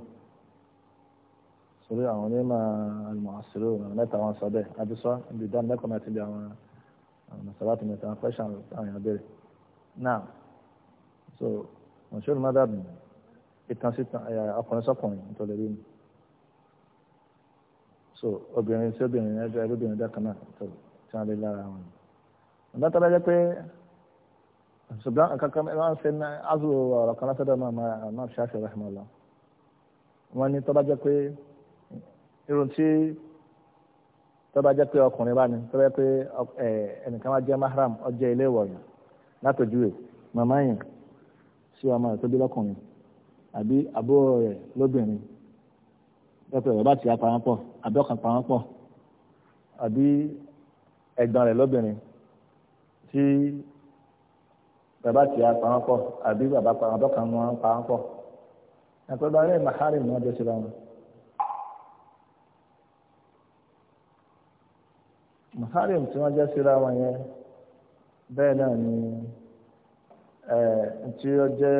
sórí àwọn onímọ̀ àlùmọ̀ àṣírí òun mẹ́ta wọn sọ bẹ́ẹ̀ adúsọ́ ibi ìdánilẹ́kọ̀ọ́ náà ti di àwọn àwọn masalatu mẹ́ta àwọn question àwọn èèyàn béèrè now so mọ̀ṣúrù mádàbí ìtàn sí ọkùnrin sọkùnrin nítorí rí mi so obìnrin sí obìnrin ẹgbẹ́ ẹlóbìnrin dákan náà tó tí wọ́n lé lára wọn. ọ̀dọ́ tó bá jẹ́ pé ṣùgbọ́n kankan ẹ máa ń ṣe ní azu ọ̀rọ̀ kan lásìkò náà máa ṣáṣe rahman lọ. wọ́n ní tó bá pé irun tí tó bá jẹ́ pé ọkùnrin bá ní tó bá jẹ́ pé ẹnìkan wá jẹ́ mahram ọjọ́ ilé ìwọ̀nyàn látòjúwe màmá yẹn sí ọmọ rẹ̀ tó bí lọ́kùnrin àbí àbúrò rẹ̀ lóbìnrin lọ́pọ̀ rẹ̀ bá ti apá wọn pọ̀ àbí ọkàn pa wọn pọ̀ àbí ẹ̀gbọ́n rẹ̀ lóbìnrin tí bàbá ti apá wọn pọ̀ àbí bàbá pa wọn pọ̀ wọn pa wọn pọ̀ ẹ̀pẹ́ bá rẹ̀ ni wọ́n jẹ́ síra wọn. muharram tí wọ́n jẹ́ síra wọn yẹn bẹ́ẹ̀ náà ni tí ó jẹ́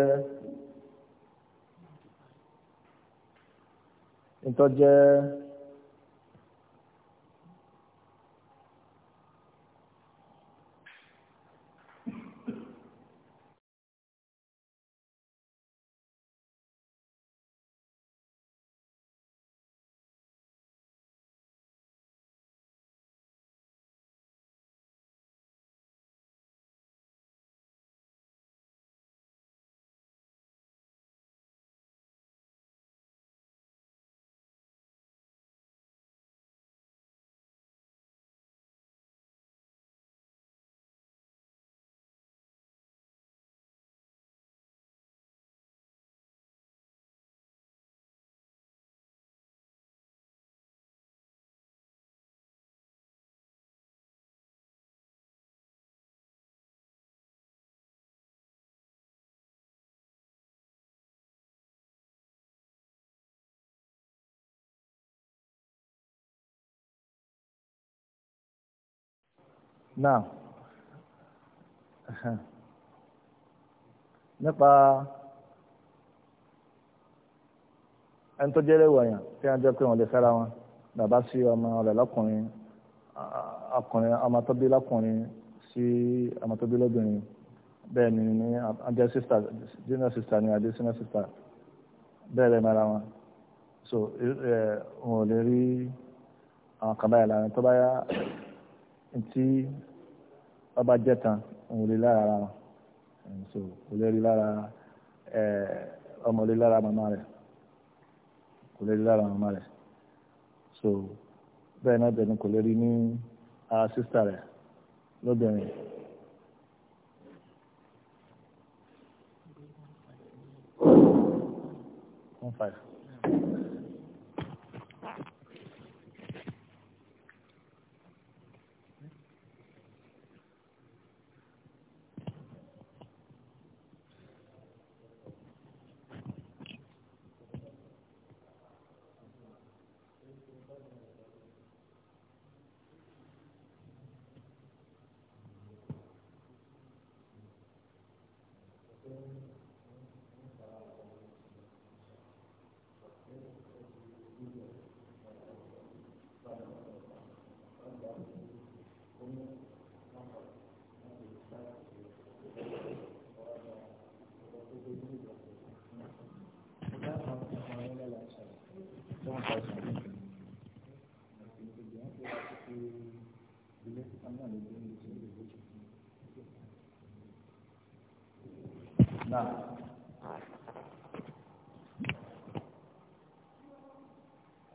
ìtọ́jẹ́. náà uh-huh. nípa ẹni tó jẹ́ léwu ẹ̀yàn tí wọ́n jẹ́ pé wọ́n lè fẹ́ra wọn bàbá sí ọmọ rẹ̀ lọ́kùnrin ọkùnrin ọmọ tó bí lọ́kùnrin sí ọmọ tó bí lọ́bìnrin bẹ́ẹ̀ ni ní ọjọ́ sista junior sista ni àbí senior sista bẹ́ẹ̀ lẹ́nu ara wọn so wọn ò lè rí àwọn kan báyìí lára tó bá yá tí ọba jẹ́ tan òun lè lára ara wọn so kò lè rí lára ọmọ lè lára màmá rẹ̀ kò lè rí lára màmá rẹ̀ so bẹ́ẹ̀ náà bẹ́ẹ̀ ni kò lè rí ní ara sísítà rẹ̀ lóbìnrin. One five.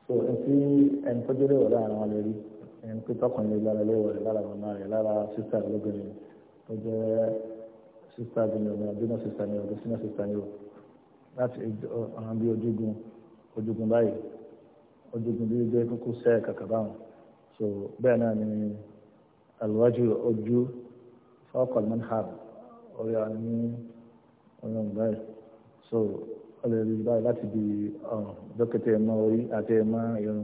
so ẹtí ẹni tó jẹ́rẹ́ wọ̀ láàrin wọn lè rí ẹni tó tọkùnrin lára léwọ̀ rẹ̀ lára wọn rẹ̀ lára sísá rẹ̀ lóbìnrin tó jẹ́ sísá junior ní ọdún náà sísá ní ọdún senior sísá ní o láti ọ̀hún bí ojúgun ojúgun báyìí ojúgun bí jẹ́ kúkú sẹ́ kàkà báwọn so bẹ́ẹ̀ náà ni alwájú ojú fọ́ọ̀kọ̀lmọ́nhàb ọ̀rẹ́ àwọn ní ọlọ́run báyìí so ọlọ́run rí báyìí láti di um, dókítà ẹ̀mọ́ orí àti ẹ̀mọ́ irun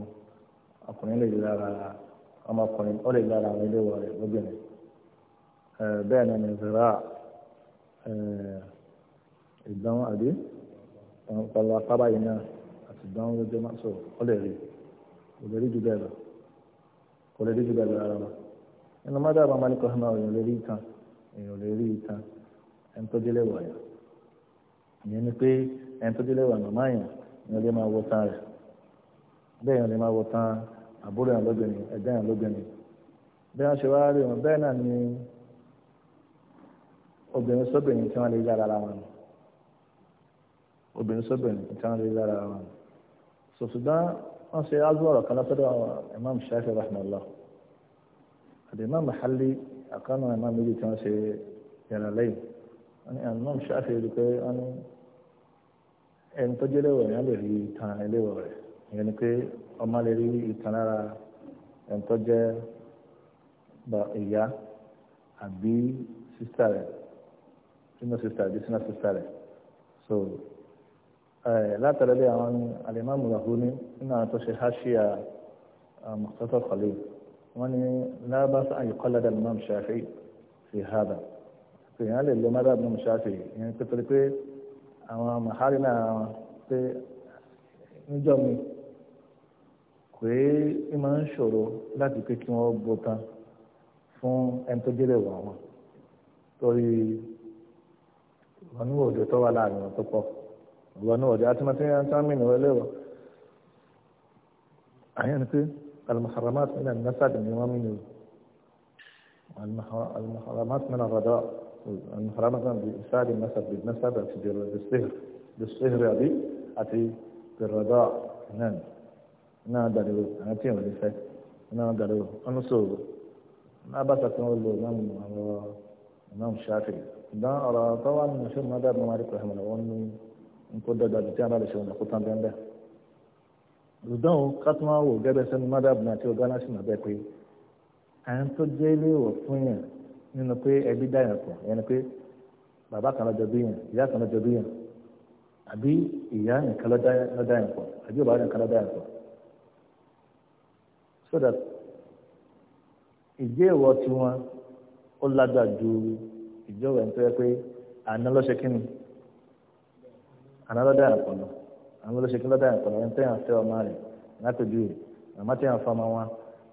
ọkùnrin lè lára ọmọkùnrin ó lè lára àwọn ilé wọ̀ rẹ̀ lóbìnrin bẹ́ẹ̀ náà ní zera ìdánwò àdé pẹ̀lú apábá yìí náà àti ìdánwò lójó máa sọ ó lè rí kò lè rí jù bẹ́ẹ̀ lọ kò lè rí jù bẹ́ẹ̀ lọ rárá lọ nínú mọ́tò àbámọ́lẹ́kọ̀ọ́ náà èèyàn lè rí ìtàn èèyàn lè rí ìtàn ẹni tó délé wọ̀ yẹn ìyẹn ni pé ẹni tó délé wà màmá yẹn ìyẹn lè máa wo tán rẹ̀ bẹ́ẹ̀ yẹn lè máa wo tán àbúrò yẹn lóbìnrin ẹ̀gbẹ́ yẹn lóbìnrin bí wọ́n ṣe wá rí wọn bẹ́ẹ̀ náà ni obìnrin sóbìnrin tí wọ́n lè yára ara wọn obìnrin sóbìnrin tí wọ́n lè yára ara wọn sòṣùgbọ́n wọ́n ṣe azọ́rọ̀ kan lọ́sọ́dọ̀ imam shafi rahmanallah àti imam mahali àkànnà imam méjì tí wọ́n ṣe yàrá lẹ́yìn imam shafi rí pé wọ́n ní ẹni tó jẹ́ lẹ́wọ̀ yẹn lè rí ìtàn ẹlẹ́wọ̀ rẹ̀ ìyẹn ni pé ọmọ lè rí ìtàn lára ẹni tó jẹ́ ìyá àbí sísítà rẹ̀ sínú sísítà àbí sínú sísítà rẹ̀ so látàlẹ́lẹ́ àwọn alimami Lahuni nínú àwọn tó ṣe haṣíà Mukhtasar Khalil wọ́n ní lábàṣà àyíkọ́lá dàlú Imam Shafi'i fi hàdà èèyàn lè lo mádàbí Imam Shafi'i ìyẹn pé torí àwọn màhárì náà wọn pé níjọ́ mi pé ẹ máa ń ṣòro láti pé kí wọ́n bó tán fún ẹni tó jẹ́rẹ̀ wà wọn torí wọn ní òde tó wà láàrin wọn tó pọ̀ wọn ní òde àti mọ́tí ẹni tó wọlé wọn àyàn ni pé al-muharramat min an-nasab ni wọ́n mìíràn al-muharramat min ar-rada'. أن حرام مثلا بإسال النسب بالنسب أتي بالصهر بالصهر أبي أتي بالرضاع نعم náà dàdúró àwọn tí wọn lè fẹ́ náà dàdúró ọnù sòrò náà bá sàkó wọn lò náà mú àwọn náà mú ṣáfì ìdán ọ̀rọ̀ tó wà nínú ṣé mọdà bí wọn rí pẹ̀lú àwọn wọn ní nkó dọdọ àti tí wọn bá lè ṣe wọn kó tán bẹ́ẹ̀ ìdán kátó wọn wò nínú pé ẹbí dá yàn pọ̀ ẹni pé bàbá kan lọ́jọ́ bí yàn ìyá kan lọ́jọ́ bí yàn àbí ìyá nìkan lọ́dá yàn pọ̀ àbí bàbá so that ìjẹ́ ìwọ tiwọn ó lágbàá ju ìjọba ẹni tó pé àná lọ́sẹ̀ kínní àná lọ́dá yàn pọ̀ lọ àwọn olóṣèlú kí lọ́dá yàn pọ̀ ẹni yàn fẹ́ ọmọ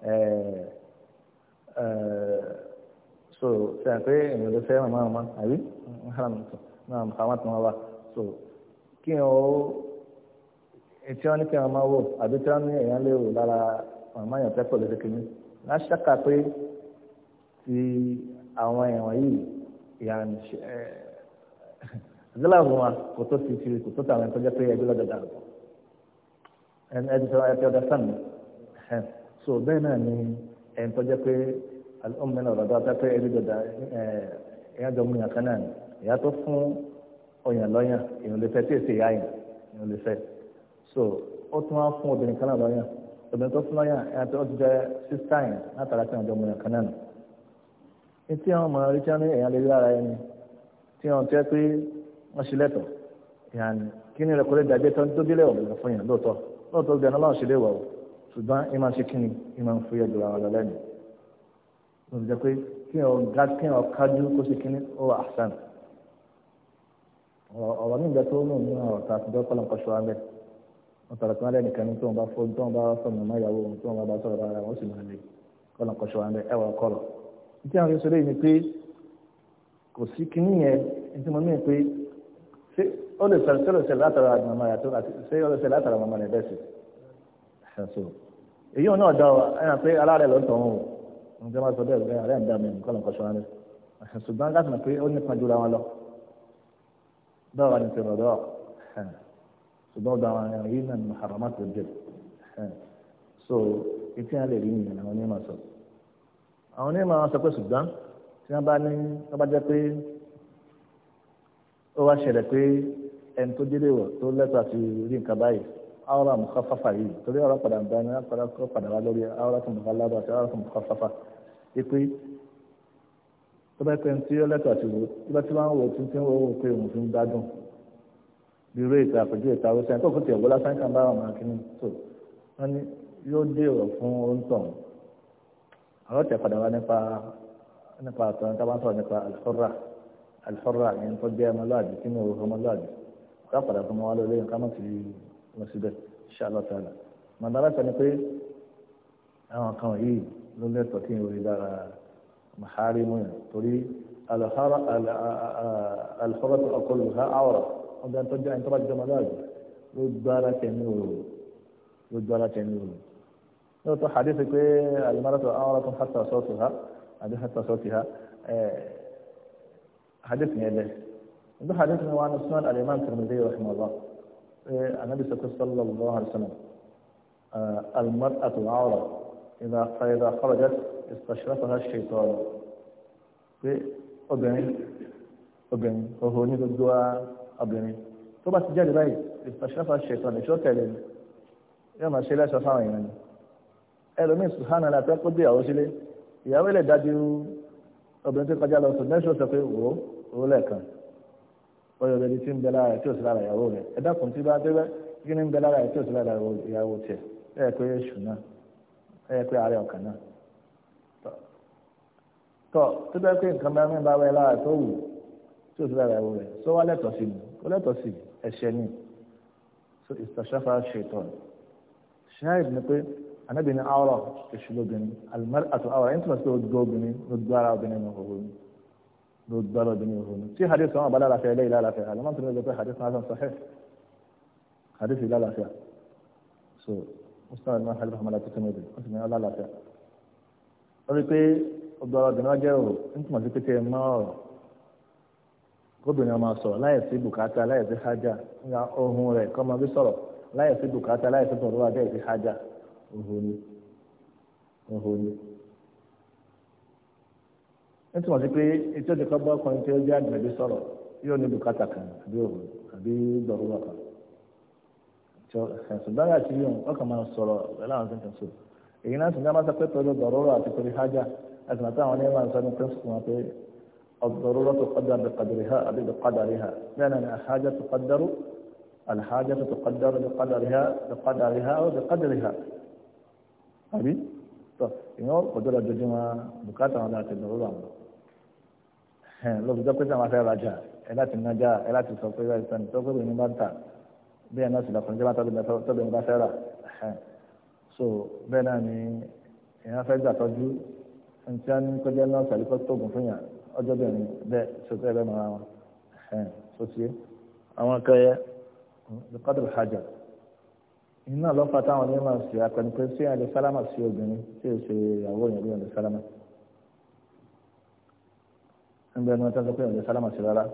rẹ̀ so ṣe à pé èèyàn ló fẹ́ràn máa ma àbí haram tó náà muhammad tó máa wà so kí o, ó etí wọn ní kí wọn máa wò àbí tí wọn ní mama lè wò lára màmá yàn fẹ́ pọ̀ lóṣù kìíní láṣàkà pé ti àwọn èèyàn yìí ìyàn ṣe ẹ àdúrà fún wa kò tó ti ti kò tó tàwọn ẹni tó jẹ́ pé ẹgbẹ́ lọ́dọ̀ dàrú ẹni ẹni tó ẹni tó ọdọ sàmì so bẹ́ẹ̀ náà ni ẹni tó jẹ́ pé alùpùpù náà ọ̀dọ̀ afẹ́fẹ́ ẹbí dọ̀dà ẹ̀yà jọ mú yàn kan náà ni ìyá tó fún ọyàn lọ́yàn èèyàn lè fẹ́ tí èsì ìyá yàn èèyàn lè fẹ́ so ó tún wá fún obìnrin kan náà lọ́yàn obìnrin tó fún lọ́yàn ẹ̀yà tó ti jẹ́ sísá yàn látara tí wọ́n jọ mú yàn kan náà ni. ní tí àwọn ọmọ rí tí wọ́n ní èèyàn lè rí ara ẹni tí wọ́n tẹ́ pé wọ́n ṣe lẹ́tọ̀ kí ni rẹ̀ kò lè dàgbé tán tó délé ọ̀gbìn fún yàn lóòótọ́ lóòótọ́ gbẹ̀rún ọlọ́run ṣe kí ni ìmọ̀ ń fúyẹ́ jùlọ àwọn mo fi jẹ pé kí ọ ga kí ọ kájú kó ṣe kíní ó wà àṣàn ọ̀rọ̀ mi ń bẹ tó mú mi náà ọ̀tá àtijọ́ kọ́lọ̀ nǹkan ṣọ́ra bẹ́ẹ̀ wọ́n tọrọ kí wọ́n lẹ́nu kan ní tó ń bá fọ́ tó ń bá fọ́ mi má yàwó tó ń bá sọ̀rọ̀ bára wọn sì máa lè kọ́lọ̀ nǹkan ṣọ́ra bẹ́ẹ̀ ẹ̀wọ̀ kọ́lọ̀ tí àwọn yóò sọ lẹ́yìn ni pé kò sí kíní yẹn ní tí mo ní pé ṣé ó lè sọ̀rọ̀ sọ̀rọ̀ sẹ̀ látara màmá rẹ̀ tó ṣé ó lè sẹ̀ látara màmá rẹ̀ bẹ́ẹ̀ sì èyí ò náà dá ọ ǹjẹ́ máa sọ bẹ́ẹ̀ bẹ́ẹ̀ àrẹ́ àdá mi nǹkan nǹkan ṣọ́ra rẹ̀ ṣùgbọ́n láti mọ̀ pé ó nípa jura wọn lọ bẹ́ẹ̀ wà ní ti rọ̀ dọ́ọ̀ ṣùgbọ́n ọ̀dọ̀ àwọn èèyàn yìí náà ní tó jẹ so etí wọn lè rí nìyẹn àwọn onímọ̀ sọ àwọn onímọ̀ sọ pé ṣùgbọ́n tí wọ́n bá ní wọ́n bá jẹ́ pé ó wá ṣẹlẹ̀ pé ẹni tó délé wọ̀ tó lẹ́tọ̀ àti rí nǹkan báyìí awra mukhafafa yìí torí ọ̀rọ̀ padà ń bá ní wọ́n padà wá lórí awra tó mukhafafa àti awra tó mukhafafa pé tó bá pẹ́ ń tí ọlẹ́tọ̀ àti wò tó bá ti máa ń wò tí ń tí ń wò ó pé òun fi ń gbádùn bí irú ètò àpèjú ètò àwọn sẹ́yìn tó kò tiẹ̀ wọ́n lásán kan bá wọn máa kí ni tó wọ́n ní yóò dé ọ̀rọ̀ fún oúntàn àwọn ọ̀tẹ̀ padà wá nípa nípa àtọ̀run tá a bá ń sọ̀rọ̀ nípa alifọ́ra alifọ́ra yẹn tó jẹ́ ọmọlúwàbí kí ni o ọmọlúwàbí ká padà fún wọn lórí nǹkan mọ̀ sí wọn síbẹ̀ ṣàlọ́tàlà màdàlá sọ ni pé àwọn kan yìí ló lẹ́tọ̀ọ́ kí n rí lára maharimu yẹn torí alhara tó ọkọlù ha àwọ̀rọ̀ ọjọ́ tó jẹ́ ẹni tó bá jẹ́ ọmọdé àjò ló gbára tẹ̀mí òru ló gbára tẹ̀mí òru. ló tó hadithi pé alimara tó àwọ̀rọ̀ tó hàtà sọ́ọ̀tì ha àbí hàtà sọ́ọ̀tì ha hadithi yẹn bẹ́ẹ̀. ده حديث من وعن سنن الإمام الترمذي رحمه الله النبي صلى الله عليه وسلم المرأة عورة إذا فإذا خرجت استشرفها الشيطان pé obìnrin obìnrin òhò ní gbogbo obìnrin tó bá ti jáde báyìí ìfàṣàfà ṣètàn ìṣó tẹ̀lé ni yóò máa ṣe lẹ́sọ̀ fáwọn èèyàn ni ẹlòmíín sùhánà la fẹ́ kó gbé ìyàwó sílé ìyàwó lè dájú obìnrin tó kọjá lọ sùn lẹ́sọ̀ sọ pé wò ó owó lẹ́ẹ̀kan ọyọ rẹ ti ń bẹ lára tí ò sí lára ìyàwó rẹ ẹ dákun tí bá débẹ kí ni ń bẹ lára tí ò sí lára ìyàwó tiẹ̀ ẹ pé èṣù náà ẹ̀yẹ pé ààrẹ ọ̀kan náà tọ̀ tọ̀ tó bẹ́ẹ̀ pé nǹkan bá mẹ́rin bá wẹ̀ lára tó wù tí o ti lára ẹ̀wọ̀ rẹ̀ sọ wá lẹ́tọ̀ọ́ sí mi ó lẹ́tọ̀ọ́ sí ẹ̀ṣẹ̀ ni so ìtàṣàfà ṣètọ̀ ṣáàyè ni pé anábìnrin àwọ̀rọ̀ èṣù lóbìnrin alimari àti àwọ̀rọ̀ ẹni tí wọ́n ti gbọ́ obìnrin ló gbọ́ ara obìnrin ní òhòhò mi ló gbọ́ ara obìnrin ní òhòhò mi tí hadith wọn bá lálàáfíà ilé ìlà àlàáfíà àlọ́ máa ń tẹ̀lé pé hadith wọn á sàn sahih hadith ìlà àlàáfíà so mustapha náà halifu hamada tó tẹmẹ dùn wọn ní ọlá àlàáfíà pé ọgbà ọdún náà jẹ o ń pété gómìnà máa ohun tọ̀rọ̀ sí ni ni. pé etí kọ́ bọ́ ọkùnrin tí ó jẹ́ sọ̀rọ̀ yóò ní kan àbí àbí dọ̀rọ̀ kan. ṣùgbọ́n àti yìí wọ́n kàn máa sọ̀rọ̀ láwọn tó ń tẹ̀sọ̀ èyí náà sùn dáhùn pé pẹ̀lú dọ̀rọ̀rọ̀ àti pẹ̀lú hajj àti الضرورة تقدر بقدرها أو بقدرها لأن الحاجة تقدر الحاجة تقدر بقدرها بقدرها أو بقدرها أبي طب إنه قدرة جمع بكاتا ولا تدرورا لو بدأ كذا ما سيرجع إلى تنجا إلى السوق إلى السنة سوق إلى bẹ́ẹ̀ náà sì lọ́kùnrin jẹ́ bá tọ́bẹ̀ bá fẹ́ rà so bẹ́ẹ̀ náà ni èèyàn fẹ́ gbà tọ́jú ẹni tí wọ́n ní kọjá náà sàlẹ̀ kọ́ tóògùn fún yàn ọjọ́ bẹ́ẹ̀ ni bẹ́ẹ̀ sọ́tẹ́ ẹ̀ bẹ́ẹ̀ mọ́ra wọn so tiẹ́ àwọn akẹ́yẹ lùkọ́dọ̀ hajj iná lọ́fà táwọn onímọ̀ sí akọ̀nìpẹ́ sí àlẹ́ sálámà sí obìnrin tí ó ṣe ìyàwó yẹn bí àlẹ́ sálámà ń bẹ́ẹ̀ ni wọ́n tẹ́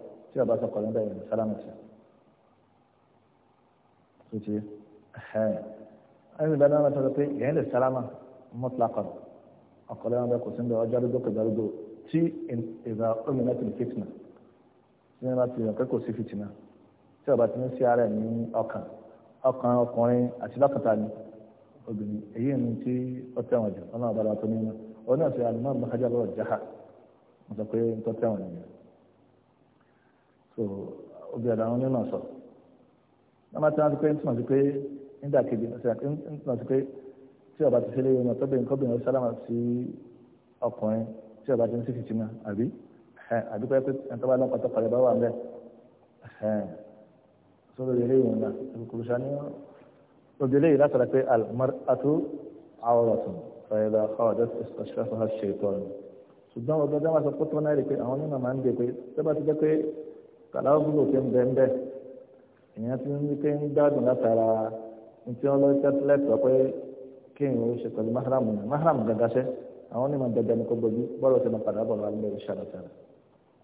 tí ọba sọ kọ̀ọ̀lẹ́ bẹ́ẹ̀ ní sálámù sí tó ti ẹni bẹ́ẹ̀ náà sọ pé ìyẹn lè sálámà mọ́tìlákọ̀ ọkọ̀lẹ́ wọn bẹ́ẹ̀ kò sí ń bẹ ọjọ́ arúgbó kò dárúgbó tí ìgbà òmìnira ti lè fìtìnà tí wọ́n bá ti yàn pé kò sí fìtìnà tí ọba ti ní sí ara ẹ̀ ní ọkàn ọkàn ọkùnrin àti lọ́kàtà ni obìnrin èyí ni tí ó tẹ̀wọ̀n jù ọlọ́run bá lọ́wọ́ tó ní wọn oní ọ̀sẹ̀ alimọ́ so obì ọ̀dà àwọn onímọ̀ sọ nọ́mbà tí wọ́n ti pé ń túmọ̀ sí pé nígbà kejì ń túmọ̀ sí pé tí ọba ti ṣe lé ọmọ tọ́bìnrin kọ́bìnrin ọ̀sán láwọn sí ọkùnrin tí ọba ti ń sì fìtì náà àbí àbí pé pé ẹni tó bá lọ́pàá tó parí ọba wà mẹ́ sọ́dọ̀ ilé ìwọ̀n náà kòkòrò sani obì ilé yìí látara pé àtú àwọ̀rọ̀tún fàyẹ̀dà ọ̀dọ́ ìṣàṣàfà ṣètò ọ̀run ṣùgbọ́n ọgbẹ́ dáwà sọ pé tó náà rí pé àwọn onímọ̀ máa ń gbé pé tó bá ti jẹ́ pé kàlábùlò ti ń bẹ ń bẹ èèyàn ti ń ké ń gbádùn látara ntí wọn lọ tẹtílẹ sọ kéèyàn ó ṣe pẹ̀lú mahram ní mahram gàgàṣẹ àwọn onímọ̀ dandan ni kò bójú bọ́ọ̀lù ti máa padà bọ̀ wá lórí ṣàlàṣàlà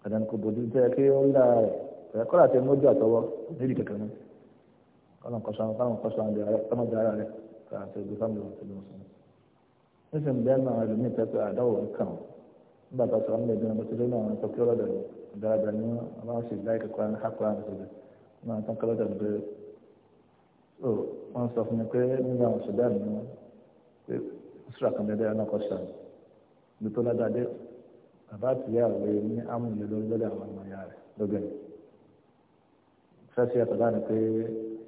dandan ni kò bójú jẹ́ kí ó ń dára rẹ̀ rẹ̀ kọ́lá ti mójú àtọwọ́ níbi kankan náà kọ́lá kọ́sọ́ àwọn kọ́lá kọ́sọ́ àwọn ọmọdé ọmọdé ara rẹ̀ kà á ti gbé fámìlì wọn sílẹ̀ mọ́sán. nísìnyí bẹ́ẹ̀ náà ẹlòmíì tẹ́tẹ́ àdáwò ń kàn nígbà tó dáadáa ní wọn ṣe láì kẹkọọ ní akọọ àti ìṣẹ̀lẹ̀ náà tán kọlọdà ní pé ó oh, wọn sọ fún mi pé nígbà àwọn sudan ní wọn pé ìṣúra kan dédé ẹran kọṣà ní tó ládàá dé bàbá àtìyá rẹ ní amúlẹ lórí lórí àwọn ọmọ ìyá rẹ lóbìnrin fẹsí ẹ̀tọ́ bá ní pé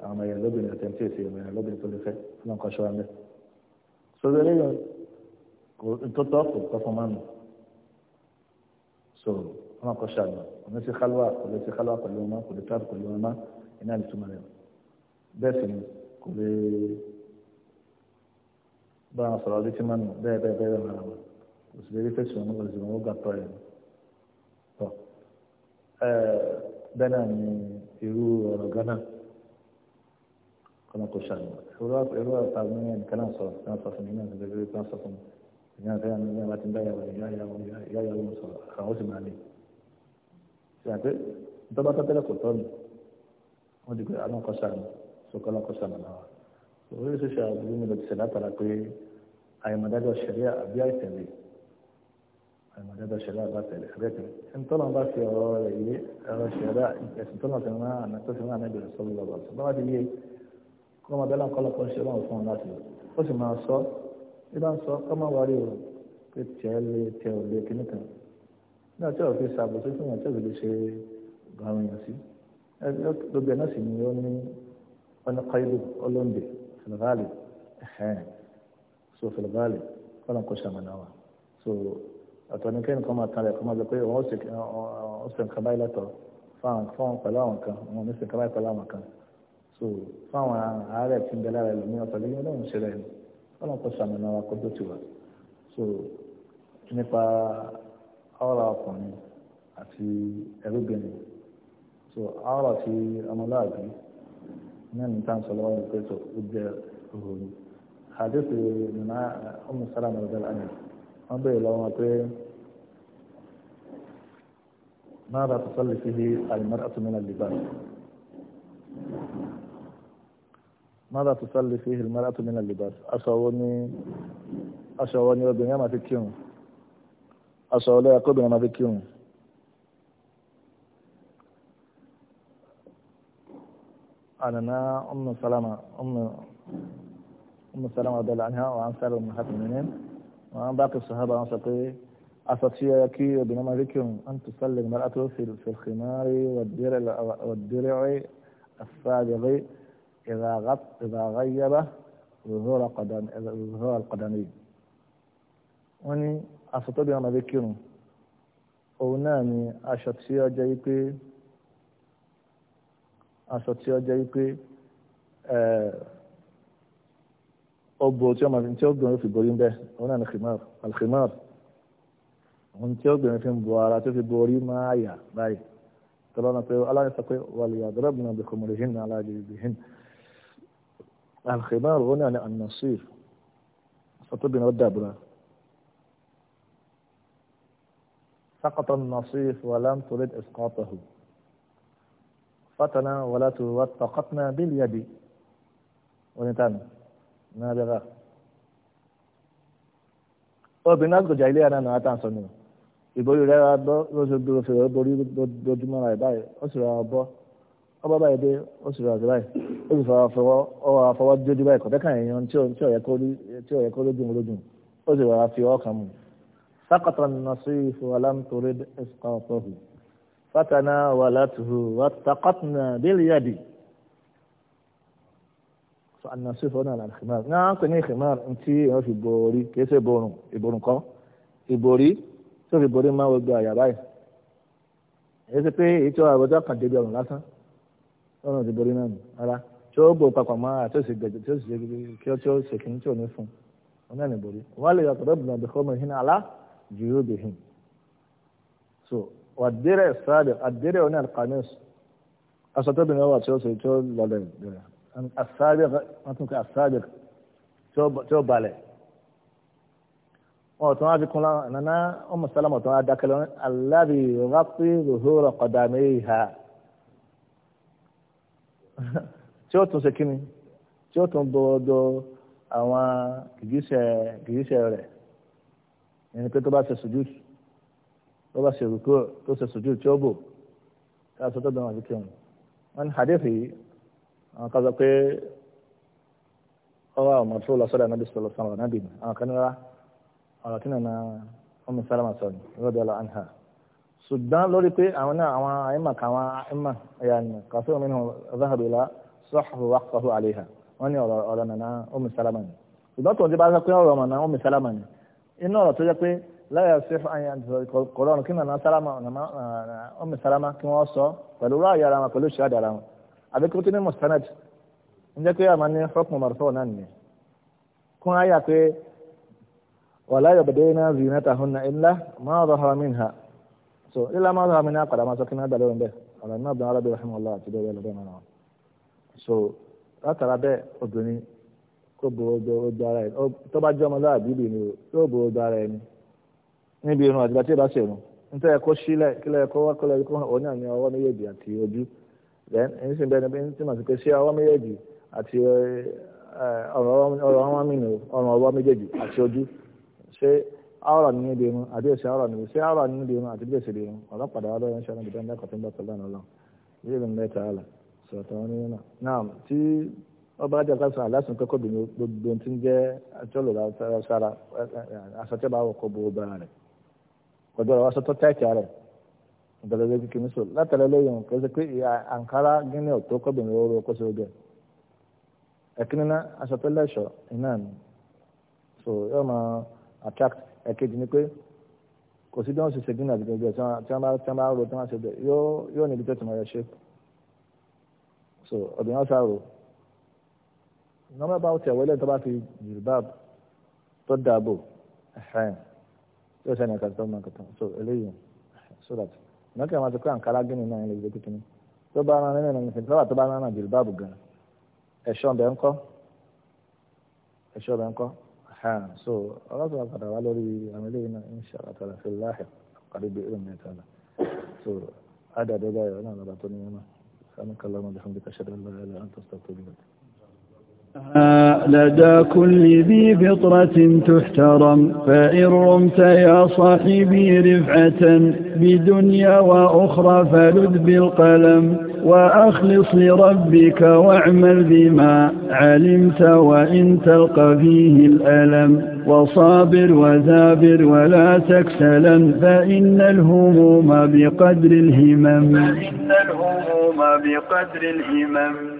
àwọn ọmọ ìyá lóbìnrin àti ẹntì èsì ọmọ ìyá lóbìnrin tó lè fẹ́ fúnà kọṣọ wa mẹ sọdọ eléyìí tó tọ́ kò tọ́ so ọmọ kọ ṣàlùwà kò ní sí kálúwà kò lè sí kálúwà pẹ̀lú ọmọ kò lè tààtù pẹ̀lú ọmọ iná lè túmọ̀ rẹ̀ bẹ́ẹ̀ sì ni kò lè bá wọn sọ̀rọ̀ létí mọ́nù bẹ́ẹ̀ bẹ́ẹ̀ bẹ́ẹ̀ rẹ̀ wọn kò sì lè rí fèsì wọn kò sì wọn ó gà tọ́ ẹ̀ tọ́ bẹ́ẹ̀ náà ni irú ọ̀rọ̀ gánà kọ́nà kò ṣàlùwà irú àtàwọn ẹnì kan náà sọ̀rọ̀ kan sọ fún mi náà kan sọ fún mi ìyá àti ìyá mi náà bá ti ń bá ìyá ìyá ìyá ìyá ìyá ìyá sọ̀rọ̀ àwọn ó sì máa lè ṣàpé ìtọ́ba tọ́tẹ́lẹ̀ kò tọ́ mi wọ́n ti pè àwọn ọkọ̀ sàmì sọkọ́ lọ́kọ̀ sàmì náà òwúrọ̀ ṣẹṣẹ àbúrò mi lọ ti ṣẹlá tara pé àyèmọ̀dájọ́ ṣẹlẹ̀ àbí àìtẹ̀lẹ̀ àyèmọ̀dájọ́ ṣẹlẹ̀ àbá tẹ̀lẹ̀ àbẹ́tẹ̀ ntọ́nà bá fi ọ̀rọ̀ rẹ̀ yé ọ̀rọ̀ ṣẹlẹ̀ ẹ̀sìn tọ́nà ti rán ànátọ́ ti rán ànábìrẹ̀ sọ́lọ́ lọ́wọ́ sọ bá wà ti yé kọ́ ọmọ bẹ́lá ńkọ́ lọ́kọ́ ṣe lọ́wọ́ fún ọ láti ó sì máa sọ bí bá ń sọ ọmọ wa rí o pé tiẹ̀ lé ò lé kíníkan ní ọjọ́ òfin ṣàbòsí fún yàn tí òfin lè ṣe àwọn èèyàn sí gbogbo ẹ̀ náà sì ni ó ní ọ̀nà kọ́ìlú ọlọ́ǹdè fìlàbáàlì ẹ̀hẹ́n so fìlàbáàlì kọ́nà kó ṣàmàlà wa so ọ̀tọ̀ ní kẹ́ni kan máa tan rẹ̀ kó máa sọ pé wọ́n ó sì nǹkan báyìí lọ́tọ̀ fáwọn fáwọn pẹ̀lú àwọn kan wọn ò ní sì nǹkan báyìí pẹ̀lú àwọn kan so fáwọn àárẹ̀ tí ń bẹ lára ẹlòmíràn ọ̀tọ̀ lẹ́yìn ọlọ́run ṣe rẹ̀ kọ́nà kó ṣàmàlà wa kó tó ti wà so nípa a ọkùnrin àti ẹrúbìnrin so ọ̀rọ̀ ti ọmọláàbí náà ní sọ lọ́wọ́ pé tó ó jẹ́ òhòrò àdéhùn nínú ọmọ sára mọ̀lẹ́dẹ́ lánàá wọ́n béèrè lọ́wọ́ pé ماذا تصلي فيه المرأة من اللباس ماذا تصلي فيه المرأة من اللباس أشعوني أشعوني وبنيامة كيون aṣọ ọlọ́yà kóbìnrin máa fi kírun. ànàná ọmọ sálámà ọmọ ọmọ sálámà ọdọọlá ni àwọn àwọn sáré ọmọ hàtì nínú wọn bá kí sọhábà wọn sọ pé aṣọ tí ó yẹ kí obìnrin máa fi kírun à ń tún sálẹ̀ ìmọ̀lá tó fi khimari wàdìrẹ́ السابغ إذا غيب ظهور القدمين wọ́n ní àsọtọ́bí àwọn àbí kírun òun náà ni aṣọ tí ó jẹ́ wípé aṣọ tí ó jẹ́ wípé ọgbọ tí ọmọ tí ọgbọ̀n fi borí ń bẹ òun náà ni khimar alkhimar òun tí ọgbọ̀n fi ń bo ara tó fi borí máa yà báyìí tọ́lọ́nà pé aláàrin sọ pé wàlẹ̀ yadribna bi khumurihinna ala juyubihinna alkhimar òun náà ni an-nasir sọtọ́bí náà dàbúrà. سقط النصيف ولم ترد إسقاطه فتنا ولا توثقتنا باليد ونتان نابغة obìnrin àgbò jà ilé àná àtà sọnù ìborí rẹ ra bọ lóṣù dúró fèrè borí lójúmọ rẹ báyìí ó sì ra bọ ọba báyìí dé ó sì ra ọjọ báyìí ó sì fọwọ́ fọwọ́ ọwọ́ afọwọ́ jójú báyìí kọ̀tẹ́kàn èèyàn tí ò yẹ kó lójú lójú ó sì ra fi ọkàn mu. سقط النصيف ولم ترد إسقاطه فتناولته واتقتنا باليد النصيف هنا على الخمار نعم كني خمار انت في بوري كيس بونو يبونو كو ìborí tó fi borí máa gbogbo àyà báyìí èyí ti pé èyí tí wọn àbọjá kan débi ọrùn lásán lọ́nà ti borí náà nù rárá tí ó gbó papọ̀ mọ́ àti ó sì gbẹ̀jẹ̀ tí ó sì ṣe kí ó tí ó ṣe kí ní tí ò ní fún un ọ̀nà ìborí wọn lè yàtọ̀ lọ́bùnà bí kọ́mọ ìhìn àlá جيوبهم so والدرع الدرع هنا القميص السابق السابق تو تو بالي tí ó tún ṣe tí ó tún ẹni pé tó bá ṣe sùjúdù tó bá ṣe rúkú tó ṣe sùjúdù tí ó bò ká sọ tó dánwò àdúkẹ́ wọn. wọn ní hadith yìí àwọn kan sọ pé ọwọ́ àwọn mọ̀tò lọ sọ́dọ̀ anábì sọ̀rọ̀ sọ̀rọ̀ anábì ni àwọn kan nira ọ̀rọ̀ kí nàá ọmọ sálámà sọ̀rọ̀ lọ́dọ̀ ọ̀la anha ṣùgbọ́n lórí pé àwọn náà àwọn àyìnbá káwọn àyìnbá ẹ̀yà ni kàfíìn omi náà záhàbì la sọ́ọ̀hù wàkọ̀ọ̀hù àlehà wọ́n ní ọ̀rọ̀ ọ̀rọ̀ nàná ọmọ sálámà ni ṣùgbọ́n tó ń ti bá sọ pé ọ̀rọ̀ ọmọ náà ọmọ sálámà ni inú ọ̀rọ̀ tó jẹ́ pé láyà sèf àyàn kọ̀ọ̀rọ̀ kí nàná sálámà ọmọ uh, sálámà kí wọ́n sọ pẹ̀lú ráàyè ara wọn pẹ̀lú ṣáàdì ara wọn àbí kí wọ́n tún ní mustanad ń jẹ́ pé àmà ní hukm marfu' náà nìyẹn kún ayà pé wala yabdayna zinatahunna illa ma zahara minha so illa ma zahara minha padà máa sọ kí náà dàlóyún bẹ́ẹ̀ ọ̀rọ̀ náà bẹ̀rẹ̀ alábẹ̀rẹ̀ rahimahullah àti náà so látara bẹ́ẹ̀ obìnrin kó bo odo ara ẹni tọba bá jẹ́ ọmọláàbí bì ni o odo ara ẹni níbi irun àti bàtí ìbáṣe irun nítorí ẹ̀kọ́ sílẹ̀ kílẹ̀ ẹ̀kọ́ wá kọ́lẹ̀ ẹ̀kọ́ òun náà ní méjèèjì àti ojú ẹni sì tí màá ti pè sí ọwọ méjèèjì àti ọrụ ọwọ́ mi ọrụ ọ̀rọ̀ ọwọ́ méjèèjì àti ojú ṣé àwòrán irun ọba ajá sásán aláṣẹ kọ́kọ́ bìnrin gbogbo tí ń jẹ́ àtọ́lọ̀ sára asọ́tẹ́ bá wọ̀kọ́ bo ọba rẹ̀ ọjọ́ rẹ̀ wá sọ́tọ́ táìkì rẹ̀ ìbẹ̀rẹ̀ lórí kìíní sọ látàrí lẹ́yìn kò ṣe pé àǹkárá gíní ọ̀tọ́ kọ́bìnrin oró ọkọ́ sí ọjọ́ ẹ̀kíní ná asọ́tẹ́ lẹ́ṣọ̀ iná ni so yóò máa attract ẹ̀kejì ni pé kò sí bí wọ́n ṣe ṣe gíní àti gbogbo ẹ̀ tí wọ́n bá rò tí wọ́n ṣe bẹ̀ yóò níbi tó ti mọ̀ ṣe so ọ̀dùn yóò ṣàrò ìnáwó bá ti ẹ̀wọ́ lẹ́yìn tó bá fi jìlbáàb tó dàbò ẹ̀hẹ́n yóò sẹ́ni ẹ̀ka tó máa kẹta so eléyìí so that ìnáwó kí àwọn àti kó àǹkárá gíní náà lè gbé kíkíní tó bá rán nínú ìrìn sábà tó bá rán náà jìlbáàb gan ẹ̀ṣọ́ bẹ̀ ń kọ́ ẹ̀ṣọ́ bẹ̀ ń kọ́ ẹ̀hẹ́n so ọlọ́sọ̀rọ̀ padà wá lórí àwọn eléyìí náà insha Allah ta'ala fi láàyè àkàrígbé ìrìn لدى كل ذي فطرة تحترم فإن رمت يا صاحبي رفعة بدنيا وأخرى فلذ بالقلم وأخلص لربك واعمل بما علمت وإن تلقى فيه الألم وصابر وذابر ولا تكسلا فإن الهموم بقدر الهمم فإن الهموم بقدر الهمم